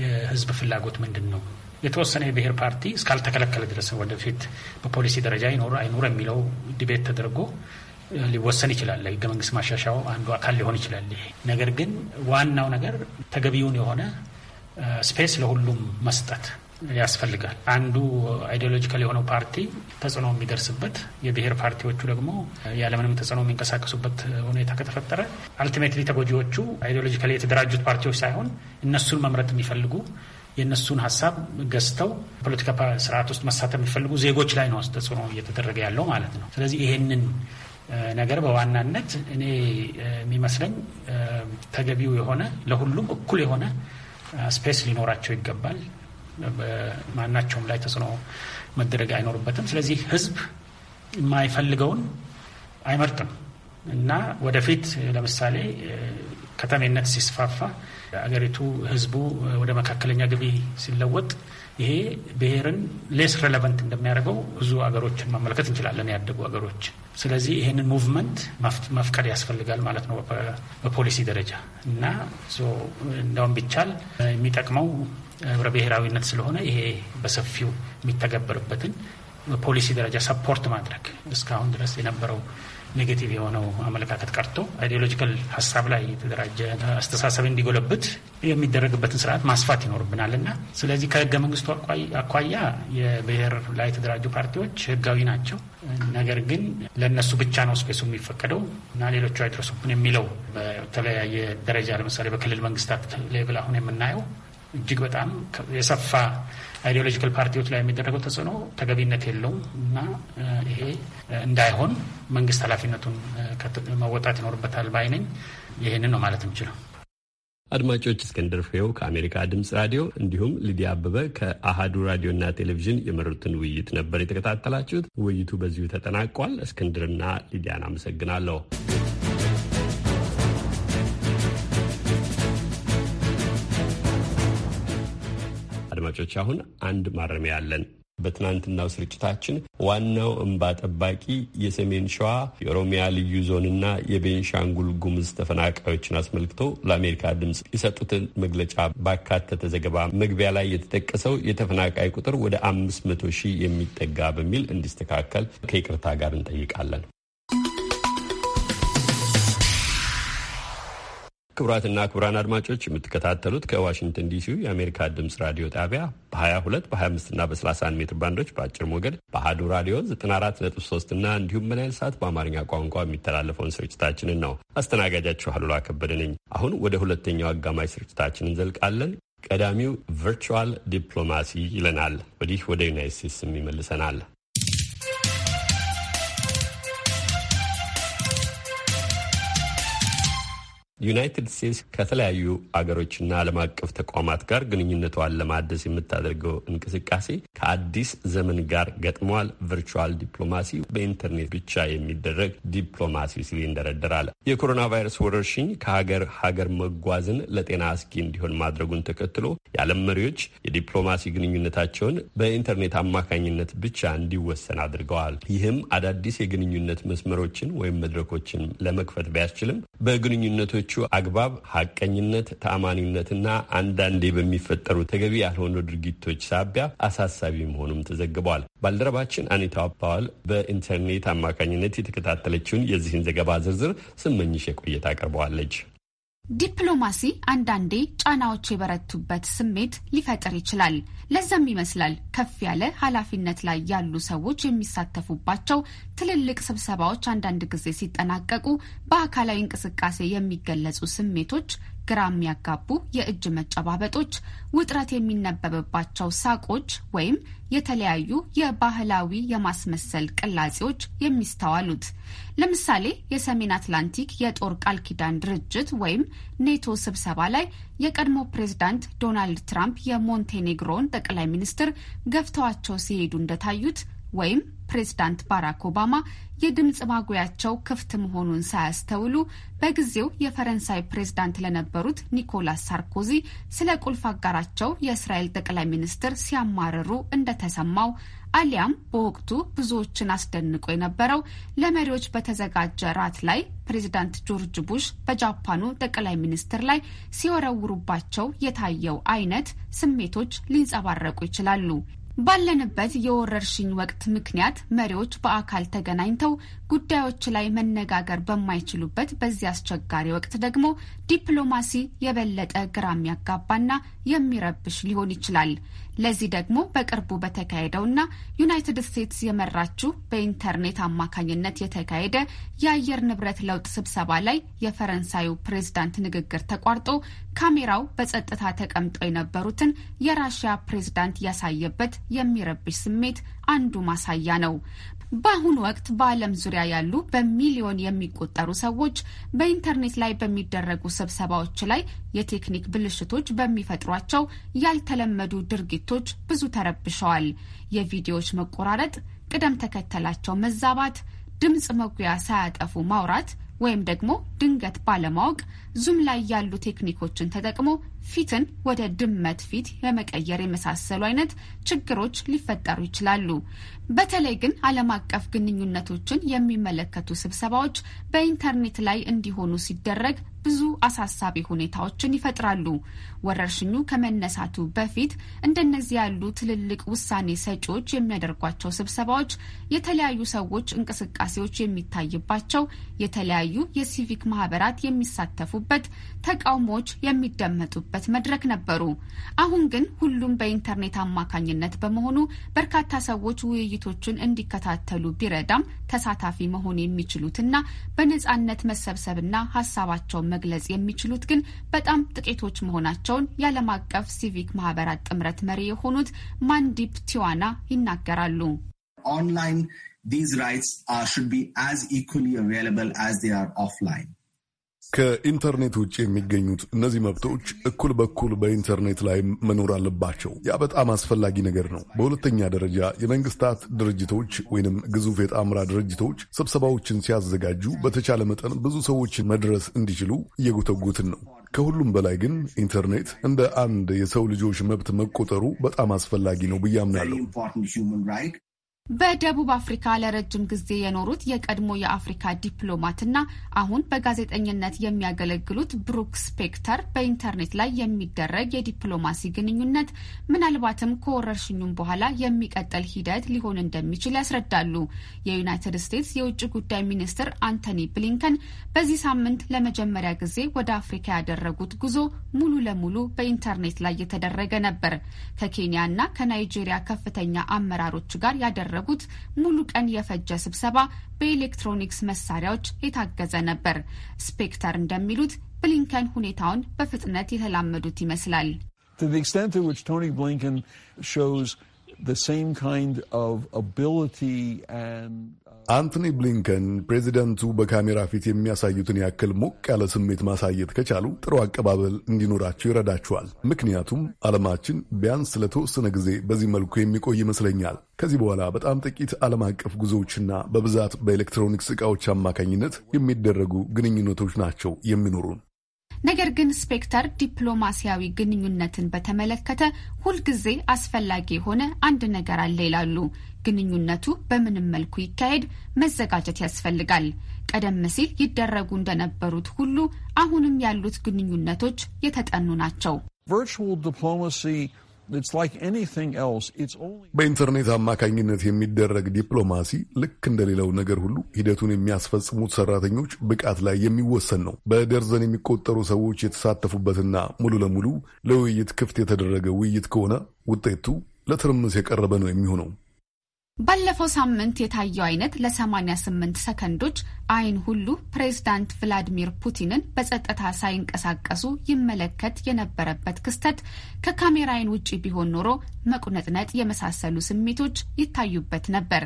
M: የህዝብ ፍላጎት ምንድን ነው የተወሰነ የብሔር ፓርቲ እስካልተከለከለ ድረስ ወደፊት በፖሊሲ ደረጃ ይኖር አይኖር የሚለው ዲቤት ተደርጎ ሊወሰን ይችላል። ህገ መንግስት ማሻሻያው አንዱ አካል ሊሆን ይችላል። ነገር ግን ዋናው ነገር ተገቢውን የሆነ ስፔስ ለሁሉም መስጠት ያስፈልጋል። አንዱ አይዲዮሎጂካል የሆነው ፓርቲ ተጽዕኖ የሚደርስበት የብሔር ፓርቲዎቹ ደግሞ ያለምንም ተጽዕኖ የሚንቀሳቀሱበት ሁኔታ ከተፈጠረ አልቲሜትሊ ተጎጂዎቹ አይዲዮሎጂካሊ የተደራጁት ፓርቲዎች ሳይሆን እነሱን መምረጥ የሚፈልጉ የእነሱን ሀሳብ ገዝተው ፖለቲካ ስርዓት ውስጥ መሳተፍ የሚፈልጉ ዜጎች ላይ ነው ተጽዕኖ እየተደረገ ያለው ማለት ነው። ስለዚህ ይሄንን ነገር በዋናነት እኔ የሚመስለኝ ተገቢው የሆነ ለሁሉም እኩል የሆነ ስፔስ ሊኖራቸው ይገባል። በማናቸውም ላይ ተጽዕኖ መደረግ አይኖርበትም። ስለዚህ ህዝብ የማይፈልገውን አይመርጥም እና ወደፊት ለምሳሌ ከተሜነት ሲስፋፋ አገሪቱ ህዝቡ ወደ መካከለኛ ገቢ ሲለወጥ ይሄ ብሔርን ሌስ ሬሌቨንት እንደሚያደርገው ብዙ አገሮችን መመልከት እንችላለን፣ ያደጉ አገሮች። ስለዚህ ይህንን ሙቭመንት መፍቀድ ያስፈልጋል ማለት ነው በፖሊሲ ደረጃ እና እንደውም ቢቻል የሚጠቅመው ህብረ ብሔራዊነት ስለሆነ ይሄ በሰፊው የሚተገበርበትን በፖሊሲ ደረጃ ሰፖርት ማድረግ እስካሁን ድረስ የነበረው ኔጌቲቭ የሆነው አመለካከት ቀርቶ አይዲዮሎጂካል ሀሳብ ላይ የተደራጀ አስተሳሰብ እንዲጎለብት የሚደረግበትን ስርዓት ማስፋት ይኖርብናል እና ስለዚህ ከህገ መንግስቱ አኳያ የብሔር ላይ የተደራጁ ፓርቲዎች ህጋዊ ናቸው። ነገር ግን ለእነሱ ብቻ ነው ስፔሱ የሚፈቀደው እና ሌሎቹ አይድረሱብን የሚለው በተለያየ ደረጃ ለምሳሌ በክልል መንግስታት ሌብል አሁን የምናየው እጅግ በጣም የሰፋ አይዲዮሎጂካል ፓርቲዎች ላይ የሚደረገው ተጽዕኖ ተገቢነት የለውም እና ይሄ እንዳይሆን መንግስት ኃላፊነቱን መወጣት ይኖርበታል ባይ ነኝ። ይህንን
B: ነው ማለት የምችለው። አድማጮች እስክንድር ፍሬው ከአሜሪካ ድምፅ ራዲዮ እንዲሁም ሊዲያ አበበ ከአሃዱ ራዲዮና ቴሌቪዥን የመሩትን ውይይት ነበር የተከታተላችሁት። ውይይቱ በዚሁ ተጠናቋል። እስክንድርና ሊዲያን አመሰግናለሁ። አድማጮች አሁን አንድ ማረሚያ አለን። በትናንትናው ስርጭታችን ዋናው እንባ ጠባቂ የሰሜን ሸዋ የኦሮሚያ ልዩ ዞንና የቤንሻንጉል ጉምዝ ተፈናቃዮችን አስመልክቶ ለአሜሪካ ድምፅ የሰጡትን መግለጫ ባካተተ ዘገባ መግቢያ ላይ የተጠቀሰው የተፈናቃይ ቁጥር ወደ አምስት መቶ ሺህ የሚጠጋ በሚል እንዲስተካከል ከይቅርታ ጋር እንጠይቃለን። ክቡራትና ክቡራን አድማጮች የምትከታተሉት ከዋሽንግተን ዲሲው የአሜሪካ ድምጽ ራዲዮ ጣቢያ በ22 በ25ና በ31 ሜትር ባንዶች በአጭር ሞገድ በአህዱ ራዲዮ 94.3 እና እንዲሁም በናይል ሰዓት በአማርኛ ቋንቋ የሚተላለፈውን ስርጭታችንን ነው። አስተናጋጃችሁ አሉላ ከበደ ነኝ። አሁን ወደ ሁለተኛው አጋማሽ ስርጭታችን እንዘልቃለን። ቀዳሚው ቨርቹዋል ዲፕሎማሲ ይለናል። ወዲህ ወደ ዩናይት ስቴትስም ይመልሰናል። ዩናይትድ ስቴትስ ከተለያዩ አገሮችና ዓለም አቀፍ ተቋማት ጋር ግንኙነቷን ለማደስ የምታደርገው እንቅስቃሴ ከአዲስ ዘመን ጋር ገጥሟል። ቨርቹዋል ዲፕሎማሲ፣ በኢንተርኔት ብቻ የሚደረግ ዲፕሎማሲ ሲል ይንደረደራል። የኮሮና ቫይረስ ወረርሽኝ ከሀገር ሀገር መጓዝን ለጤና አስጊ እንዲሆን ማድረጉን ተከትሎ የዓለም መሪዎች የዲፕሎማሲ ግንኙነታቸውን በኢንተርኔት አማካኝነት ብቻ እንዲወሰን አድርገዋል። ይህም አዳዲስ የግንኙነት መስመሮችን ወይም መድረኮችን ለመክፈት ቢያስችልም በግንኙነቶች በተባለችው አግባብ ሀቀኝነት፣ ተአማኒነትና አንዳንዴ በሚፈጠሩ ተገቢ ያልሆኑ ድርጊቶች ሳቢያ አሳሳቢ መሆኑም ተዘግቧል። ባልደረባችን አኒታ ፓዋል በኢንተርኔት አማካኝነት የተከታተለችውን የዚህን ዘገባ ዝርዝር ስመኝሽ የቆየት አቅርበዋለች።
O: ዲፕሎማሲ አንዳንዴ ጫናዎች የበረቱበት ስሜት ሊፈጥር ይችላል። ለዛም ይመስላል ከፍ ያለ ኃላፊነት ላይ ያሉ ሰዎች የሚሳተፉባቸው ትልልቅ ስብሰባዎች አንዳንድ ጊዜ ሲጠናቀቁ በአካላዊ እንቅስቃሴ የሚገለጹ ስሜቶች ግራ የሚያጋቡ የእጅ መጨባበጦች፣ ውጥረት የሚነበብባቸው ሳቆች ወይም የተለያዩ የባህላዊ የማስመሰል ቅላጼዎች የሚስተዋሉት። ለምሳሌ የሰሜን አትላንቲክ የጦር ቃል ኪዳን ድርጅት ወይም ኔቶ ስብሰባ ላይ የቀድሞ ፕሬዝዳንት ዶናልድ ትራምፕ የሞንቴኔግሮን ጠቅላይ ሚኒስትር ገፍተዋቸው ሲሄዱ እንደታዩት ወይም ፕሬዝዳንት ባራክ ኦባማ የድምፅ ማጉያቸው ክፍት መሆኑን ሳያስተውሉ በጊዜው የፈረንሳይ ፕሬዝዳንት ለነበሩት ኒኮላስ ሳርኮዚ ስለ ቁልፍ አጋራቸው የእስራኤል ጠቅላይ ሚኒስትር ሲያማርሩ እንደተሰማው አሊያም በወቅቱ ብዙዎችን አስደንቆ የነበረው ለመሪዎች በተዘጋጀ ራት ላይ ፕሬዚዳንት ጆርጅ ቡሽ በጃፓኑ ጠቅላይ ሚኒስትር ላይ ሲወረውሩባቸው የታየው አይነት ስሜቶች ሊንጸባረቁ ይችላሉ። ባለንበት የወረርሽኝ ወቅት ምክንያት መሪዎች በአካል ተገናኝተው ጉዳዮች ላይ መነጋገር በማይችሉበት በዚህ አስቸጋሪ ወቅት ደግሞ ዲፕሎማሲ የበለጠ ግራ የሚያጋባና የሚረብሽ ሊሆን ይችላል። ለዚህ ደግሞ በቅርቡ በተካሄደውና ዩናይትድ ስቴትስ የመራችው በኢንተርኔት አማካኝነት የተካሄደ የአየር ንብረት ለውጥ ስብሰባ ላይ የፈረንሳዩ ፕሬዝዳንት ንግግር ተቋርጦ ካሜራው በጸጥታ ተቀምጠው የነበሩትን የራሽያ ፕሬዝዳንት ያሳየበት የሚረብሽ ስሜት አንዱ ማሳያ ነው። በአሁኑ ወቅት በዓለም ዙሪያ ያሉ በሚሊዮን የሚቆጠሩ ሰዎች በኢንተርኔት ላይ በሚደረጉ ስብሰባዎች ላይ የቴክኒክ ብልሽቶች በሚፈጥሯቸው ያልተለመዱ ድርጊቶች ብዙ ተረብሸዋል። የቪዲዮዎች መቆራረጥ፣ ቅደም ተከተላቸው መዛባት፣ ድምፅ መጉያ ሳያጠፉ ማውራት ወይም ደግሞ ድንገት ባለማወቅ ዙም ላይ ያሉ ቴክኒኮችን ተጠቅሞ ፊትን ወደ ድመት ፊት የመቀየር የመሳሰሉ አይነት ችግሮች ሊፈጠሩ ይችላሉ። በተለይ ግን ዓለም አቀፍ ግንኙነቶችን የሚመለከቱ ስብሰባዎች በኢንተርኔት ላይ እንዲሆኑ ሲደረግ ብዙ አሳሳቢ ሁኔታዎችን ይፈጥራሉ። ወረርሽኙ ከመነሳቱ በፊት እንደነዚህ ያሉ ትልልቅ ውሳኔ ሰጪዎች የሚያደርጓቸው ስብሰባዎች የተለያዩ ሰዎች እንቅስቃሴዎች የሚታይባቸው፣ የተለያዩ የሲቪክ ማህበራት የሚሳተፉበት፣ ተቃውሞዎች የሚደመጡበት የሚገኝበት መድረክ ነበሩ። አሁን ግን ሁሉም በኢንተርኔት አማካኝነት በመሆኑ በርካታ ሰዎች ውይይቶችን እንዲከታተሉ ቢረዳም ተሳታፊ መሆን የሚችሉትና በነጻነት መሰብሰብና ሀሳባቸውን መግለጽ የሚችሉት ግን በጣም ጥቂቶች መሆናቸውን የዓለም አቀፍ ሲቪክ ማህበራት ጥምረት መሪ የሆኑት ማንዲፕ ቲዋና ይናገራሉ።
G: ኦንላይን ዲዝ ራይትስ
I: ሹድ ቢ አዝ ኢኩሊ አቬይላብል አዝ ዴይ አር ኦፍላይን
D: ከኢንተርኔት ውጭ የሚገኙት እነዚህ መብቶች እኩል በኩል በኢንተርኔት ላይ መኖር አለባቸው። ያ በጣም አስፈላጊ ነገር ነው። በሁለተኛ ደረጃ የመንግስታት ድርጅቶች ወይንም ግዙፍ የጣምራ ድርጅቶች ስብሰባዎችን ሲያዘጋጁ በተቻለ መጠን ብዙ ሰዎችን መድረስ እንዲችሉ እየጎተጉትን ነው። ከሁሉም በላይ ግን ኢንተርኔት እንደ አንድ የሰው ልጆች መብት መቆጠሩ በጣም አስፈላጊ ነው ብዬ አምናለሁ።
O: በደቡብ አፍሪካ ለረጅም ጊዜ የኖሩት የቀድሞ የአፍሪካ ዲፕሎማትና አሁን በጋዜጠኝነት የሚያገለግሉት ብሩክ ስፔክተር በኢንተርኔት ላይ የሚደረግ የዲፕሎማሲ ግንኙነት ምናልባትም ከወረርሽኙም በኋላ የሚቀጥል ሂደት ሊሆን እንደሚችል ያስረዳሉ። የዩናይትድ ስቴትስ የውጭ ጉዳይ ሚኒስትር አንቶኒ ብሊንከን በዚህ ሳምንት ለመጀመሪያ ጊዜ ወደ አፍሪካ ያደረጉት ጉዞ ሙሉ ለሙሉ በኢንተርኔት ላይ የተደረገ ነበር። ከኬንያና ከናይጄሪያ ከፍተኛ አመራሮች ጋር ያደረ ያደረጉት ሙሉ ቀን የፈጀ ስብሰባ በኤሌክትሮኒክስ መሳሪያዎች የታገዘ ነበር። ስፔክተር እንደሚሉት ብሊንከን ሁኔታውን በፍጥነት የተላመዱት ይመስላል።
D: አንቶኒ ብሊንከን ፕሬዚደንቱ በካሜራ ፊት የሚያሳዩትን ያክል ሞቅ ያለ ስሜት ማሳየት ከቻሉ ጥሩ አቀባበል እንዲኖራቸው ይረዳቸዋል። ምክንያቱም ዓለማችን ቢያንስ ለተወሰነ ጊዜ በዚህ መልኩ የሚቆይ ይመስለኛል። ከዚህ በኋላ በጣም ጥቂት ዓለም አቀፍ ጉዞዎችና በብዛት በኤሌክትሮኒክስ ዕቃዎች አማካኝነት የሚደረጉ ግንኙነቶች ናቸው የሚኖሩን።
O: ነገር ግን ስፔክተር ዲፕሎማሲያዊ ግንኙነትን በተመለከተ ሁልጊዜ አስፈላጊ የሆነ አንድ ነገር አለ ይላሉ። ግንኙነቱ በምንም መልኩ ይካሄድ መዘጋጀት ያስፈልጋል። ቀደም ሲል ይደረጉ እንደነበሩት ሁሉ አሁንም ያሉት ግንኙነቶች የተጠኑ ናቸው።
D: በኢንተርኔት አማካኝነት የሚደረግ ዲፕሎማሲ ልክ እንደሌላው ነገር ሁሉ ሂደቱን የሚያስፈጽሙት ሰራተኞች ብቃት ላይ የሚወሰን ነው። በደርዘን የሚቆጠሩ ሰዎች የተሳተፉበትና ሙሉ ለሙሉ ለውይይት ክፍት የተደረገ ውይይት ከሆነ ውጤቱ ለትርምስ የቀረበ ነው የሚሆነው።
O: ባለፈው ሳምንት የታየው አይነት ለ88 ሰከንዶች አይን ሁሉ ፕሬዝዳንት ቭላዲሚር ፑቲንን በጸጥታ ሳይንቀሳቀሱ ይመለከት የነበረበት ክስተት ከካሜራ አይን ውጪ ቢሆን ኖሮ መቁነጥነጥ የመሳሰሉ ስሜቶች ይታዩበት ነበር።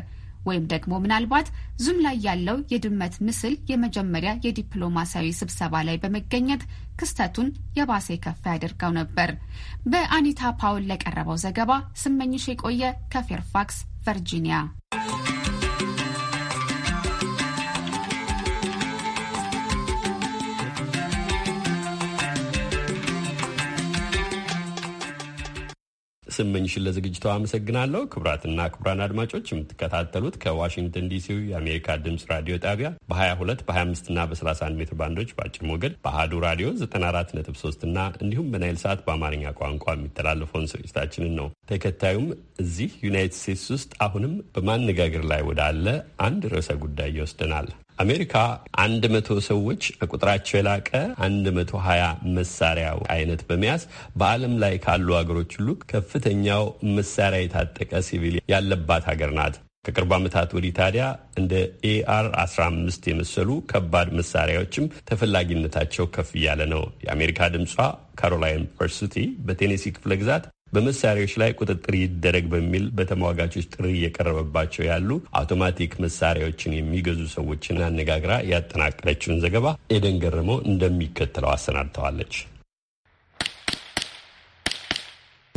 O: ወይም ደግሞ ምናልባት ዙም ላይ ያለው የድመት ምስል የመጀመሪያ የዲፕሎማሲያዊ ስብሰባ ላይ በመገኘት ክስተቱን የባሰ የከፋ ያደርገው ነበር። በአኒታ ፓውል ለቀረበው ዘገባ ስመኝሽ የቆየ ከፌርፋክስ ቨርጂኒያ
B: ስመኝሽን ለዝግጅቷ አመሰግናለሁ። ክቡራትና ክቡራን አድማጮች የምትከታተሉት ከዋሽንግተን ዲሲው የአሜሪካ ድምፅ ራዲዮ ጣቢያ በ22 በ25ና በ31 ሜትር ባንዶች በአጭር ሞገድ በአህዱ ራዲዮ 94.3 እና እንዲሁም በናይል ሰዓት በአማርኛ ቋንቋ የሚተላለፈውን ስርጭታችንን ነው። ተከታዩም እዚህ ዩናይትድ ስቴትስ ውስጥ አሁንም በማነጋገር ላይ ወዳለ አንድ ርዕሰ ጉዳይ ይወስደናል። አሜሪካ አንድ መቶ ሰዎች ከቁጥራቸው የላቀ አንድ መቶ ሀያ መሳሪያ አይነት በመያዝ በዓለም ላይ ካሉ ሀገሮች ሁሉ ከፍተኛው መሳሪያ የታጠቀ ሲቪል ያለባት ሀገር ናት። ከቅርብ ዓመታት ወዲህ ታዲያ እንደ ኤአር 15 የመሰሉ ከባድ መሳሪያዎችም ተፈላጊነታቸው ከፍ እያለ ነው። የአሜሪካ ድምጿ ካሮላይን ፐርሱቲ በቴኔሲ ክፍለ ግዛት በመሳሪያዎች ላይ ቁጥጥር ይደረግ በሚል በተሟጋቾች ጥሪ እየቀረበባቸው ያሉ አውቶማቲክ መሳሪያዎችን የሚገዙ ሰዎችን አነጋግራ ያጠናቀረችውን ዘገባ ኤደን ገረመው እንደሚከተለው አሰናድተዋለች።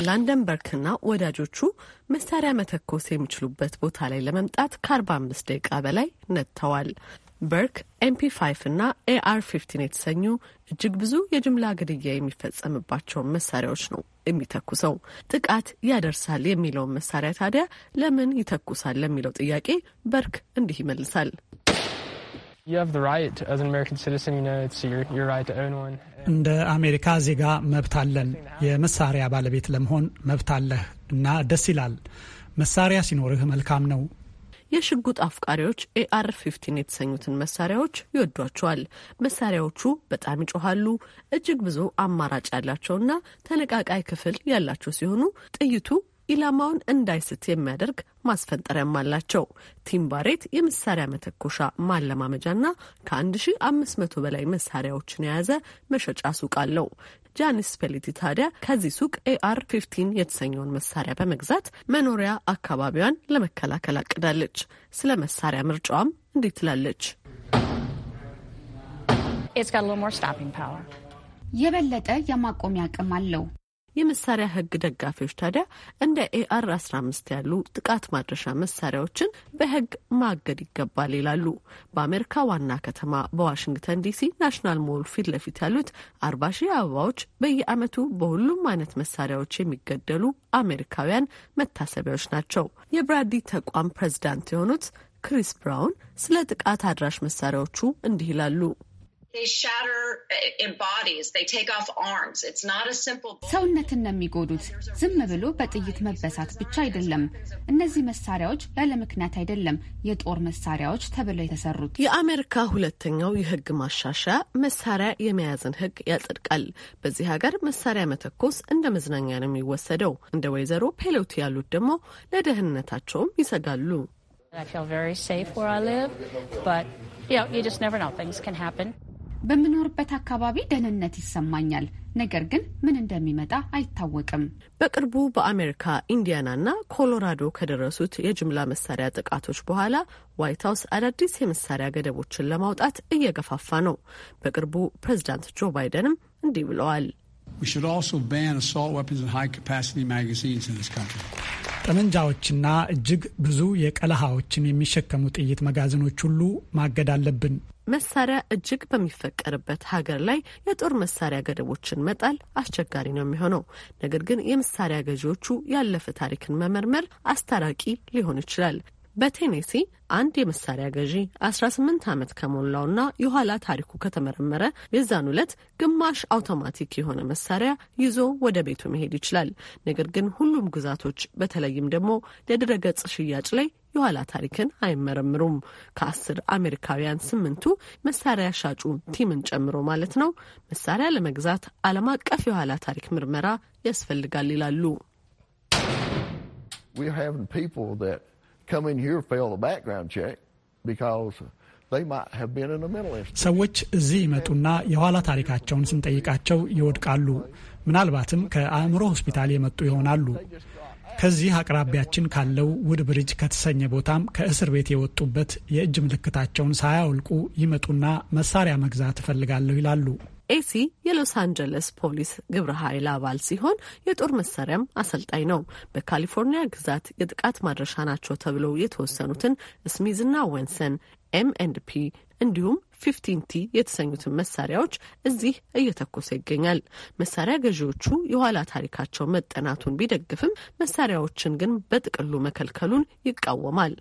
N: ላንደንበርግና ወዳጆቹ መሳሪያ መተኮስ የሚችሉበት ቦታ ላይ ለመምጣት ከአርባ አምስት ደቂቃ በላይ ነጥተዋል። በርክ ኤምፒ 5 እና ኤአር ፊፍቲን የተሰኙ እጅግ ብዙ የጅምላ ግድያ የሚፈጸምባቸውን መሳሪያዎች ነው የሚተኩሰው። ጥቃት ያደርሳል የሚለውን መሳሪያ ታዲያ ለምን ይተኩሳል ለሚለው ጥያቄ በርክ እንዲህ ይመልሳል።
E: እንደ አሜሪካ ዜጋ መብት አለን። የመሳሪያ ባለቤት ለመሆን መብት አለህ እና ደስ ይላል። መሳሪያ ሲኖርህ መልካም ነው።
N: የሽጉጥ አፍቃሪዎች ኤአር ፊፍቲን የተሰኙትን መሳሪያዎች ይወዷቸዋል። መሳሪያዎቹ በጣም ይጮኋሉ፣ እጅግ ብዙ አማራጭ ያላቸውና ተነቃቃይ ክፍል ያላቸው ሲሆኑ ጥይቱ ኢላማውን እንዳይስት የሚያደርግ ማስፈንጠሪያም አላቸው። ቲምባሬት የመሳሪያ መተኮሻ ማለማመጃና ከ1500 በላይ መሳሪያዎችን የያዘ መሸጫ ሱቅ አለው። ጃኒስ ፔሊቲ ታዲያ ከዚህ ሱቅ ኤአር 15 የተሰኘውን መሳሪያ በመግዛት መኖሪያ አካባቢዋን ለመከላከል አቅዳለች። ስለ መሳሪያ ምርጫዋም
O: እንዴት ትላለች? የበለጠ የማቆሚያ አቅም አለው። የመሳሪያ ህግ ደጋፊዎች ታዲያ እንደ
N: ኤአር 15 ያሉ ጥቃት ማድረሻ መሳሪያዎችን በህግ ማገድ ይገባል ይላሉ። በአሜሪካ ዋና ከተማ በዋሽንግተን ዲሲ ናሽናል ሞል ፊት ለፊት ያሉት አርባ ሺህ አበባዎች በየዓመቱ በሁሉም አይነት መሳሪያዎች የሚገደሉ አሜሪካውያን መታሰቢያዎች ናቸው። የብራዲ ተቋም ፕሬዚዳንት የሆኑት ክሪስ ብራውን ስለ
O: ጥቃት አድራሽ መሳሪያዎቹ እንዲህ ይላሉ። ሰውነትን ነው የሚጎዱት። ዝም ብሎ በጥይት መበሳት ብቻ አይደለም። እነዚህ መሳሪያዎች ምክንያት አይደለም የጦር መሳሪያዎች ተብለው የተሰሩት። የአሜሪካ ሁለተኛው የህግ ማሻሻያ መሳሪያ የመያዝን ህግ
N: ያጸድቃል። በዚህ ሀገር መሳሪያ መተኮስ እንደ መዝናኛ ነው የሚወሰደው። እንደ ወይዘሮ ፔሎቲ ያሉት ደግሞ ለደህንነታቸውም ይሰጋሉ።
A: I feel very safe where I live, but you know, you just never know. Things can happen.
O: በምኖርበት አካባቢ ደህንነት ይሰማኛል። ነገር ግን ምን እንደሚመጣ አይታወቅም። በቅርቡ በአሜሪካ
N: ኢንዲያናና ኮሎራዶ ከደረሱት የጅምላ መሳሪያ ጥቃቶች በኋላ ዋይት ሀውስ አዳዲስ የመሳሪያ ገደቦችን ለማውጣት እየገፋፋ ነው። በቅርቡ ፕሬዚዳንት ጆ ባይደንም እንዲህ ብለዋል።
E: ጠመንጃዎችና እጅግ ብዙ የቀለሃዎችን የሚሸከሙ ጥይት መጋዘኖች
N: ሁሉ ማገድ አለብን። መሳሪያ እጅግ በሚፈቀርበት ሀገር ላይ የጦር መሳሪያ ገደቦችን መጣል አስቸጋሪ ነው የሚሆነው። ነገር ግን የመሳሪያ ገዢዎቹ ያለፈ ታሪክን መመርመር አስታራቂ ሊሆን ይችላል። በቴኔሲ አንድ የመሳሪያ ገዢ 18 ዓመት ከሞላውና የኋላ ታሪኩ ከተመረመረ የዛን ዕለት ግማሽ አውቶማቲክ የሆነ መሳሪያ ይዞ ወደ ቤቱ መሄድ ይችላል። ነገር ግን ሁሉም ግዛቶች በተለይም ደግሞ ለድረገጽ ሽያጭ ላይ የኋላ ታሪክን አይመረምሩም። ከአስር አሜሪካውያን ስምንቱ መሳሪያ ሻጩ ቲምን ጨምሮ ማለት ነው መሳሪያ ለመግዛት ዓለም አቀፍ የኋላ ታሪክ ምርመራ ያስፈልጋል ይላሉ።
E: ሰዎች እዚህ ይመጡና የኋላ ታሪካቸውን ስንጠይቃቸው ይወድቃሉ። ምናልባትም ከአእምሮ ሆስፒታል የመጡ ይሆናሉ። ከዚህ አቅራቢያችን ካለው ውድ ብሪጅ ከተሰኘ ቦታም ከእስር ቤት የወጡበት የእጅ ምልክታቸውን ሳያወልቁ ይመጡና መሳሪያ መግዛት እፈልጋለሁ ይላሉ።
N: ኤሲ የሎስ አንጀለስ ፖሊስ ግብረ ኃይል አባል ሲሆን የጦር መሳሪያም አሰልጣኝ ነው። በካሊፎርኒያ ግዛት የጥቃት ማድረሻ ናቸው ተብለው የተወሰኑትን ስሚዝና ወንሰን ኤም ኤንድ ፒ እንዲሁም ፊፍቲንቲ የተሰኙትን መሳሪያዎች እዚህ እየተኮሰ ይገኛል። መሳሪያ ገዢዎቹ የኋላ ታሪካቸው መጠናቱን ቢደግፍም መሳሪያዎችን ግን በጥቅሉ መከልከሉን ይቃወማል።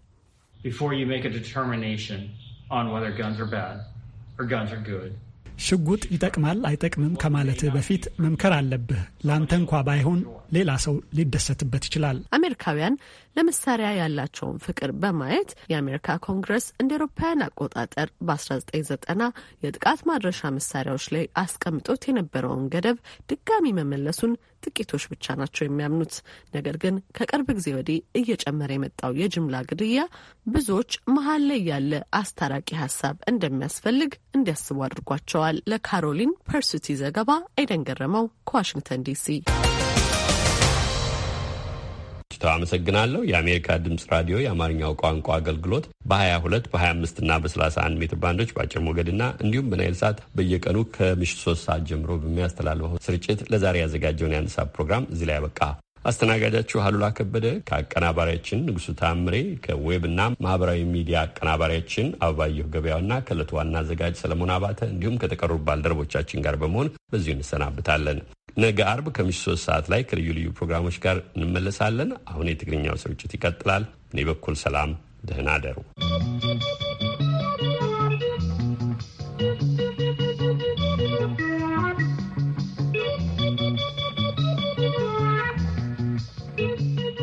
N: ሽጉጥ ይጠቅማል አይጠቅምም
E: ከማለትህ በፊት መምከር አለብህ። ለአንተ እንኳ ባይሆን ሌላ ሰው ሊደሰትበት ይችላል።
N: አሜሪካውያን ለመሳሪያ ያላቸውን ፍቅር በማየት የአሜሪካ ኮንግረስ እንደ ኤሮፓውያን አቆጣጠር በ1990 የጥቃት ማድረሻ መሳሪያዎች ላይ አስቀምጦት የነበረውን ገደብ ድጋሚ መመለሱን ጥቂቶች ብቻ ናቸው የሚያምኑት። ነገር ግን ከቅርብ ጊዜ ወዲህ እየጨመረ የመጣው የጅምላ ግድያ ብዙዎች መሀል ላይ ያለ አስታራቂ ሀሳብ እንደሚያስፈልግ እንዲያስቡ አድርጓቸዋል። ለካሮሊን ፐርሱቲ ዘገባ አይደን ገረመው ከዋሽንግተን ዲሲ
B: በሽታው አመሰግናለሁ። የአሜሪካ ድምፅ ራዲዮ የአማርኛው ቋንቋ አገልግሎት በ22 በ25 እና በ31 ሜትር ባንዶች በአጭር ሞገድና እንዲሁም በናይል ሰዓት በየቀኑ ከምሽት 3 ሰዓት ጀምሮ በሚያስተላልፈው ስርጭት ለዛሬ ያዘጋጀውን የአንድ ሰዓት ፕሮግራም እዚህ ላይ ያበቃ። አስተናጋጃችሁ አሉላ ከበደ ከአቀናባሪያችን ንጉሱ ታምሬ ከዌብ እና ማህበራዊ ሚዲያ አቀናባሪያችን አበባየሁ ገበያውና ከእለቱ ዋና አዘጋጅ ሰለሞን አባተ እንዲሁም ከተቀሩ ባልደረቦቻችን ጋር በመሆን በዚሁ እንሰናብታለን። ነገ አርብ ከምሽት ሶስት ሰዓት ላይ ከልዩ ልዩ ፕሮግራሞች ጋር እንመለሳለን። አሁን የትግርኛው ስርጭት ይቀጥላል። እኔ በኩል ሰላም፣ ደህና አደሩ።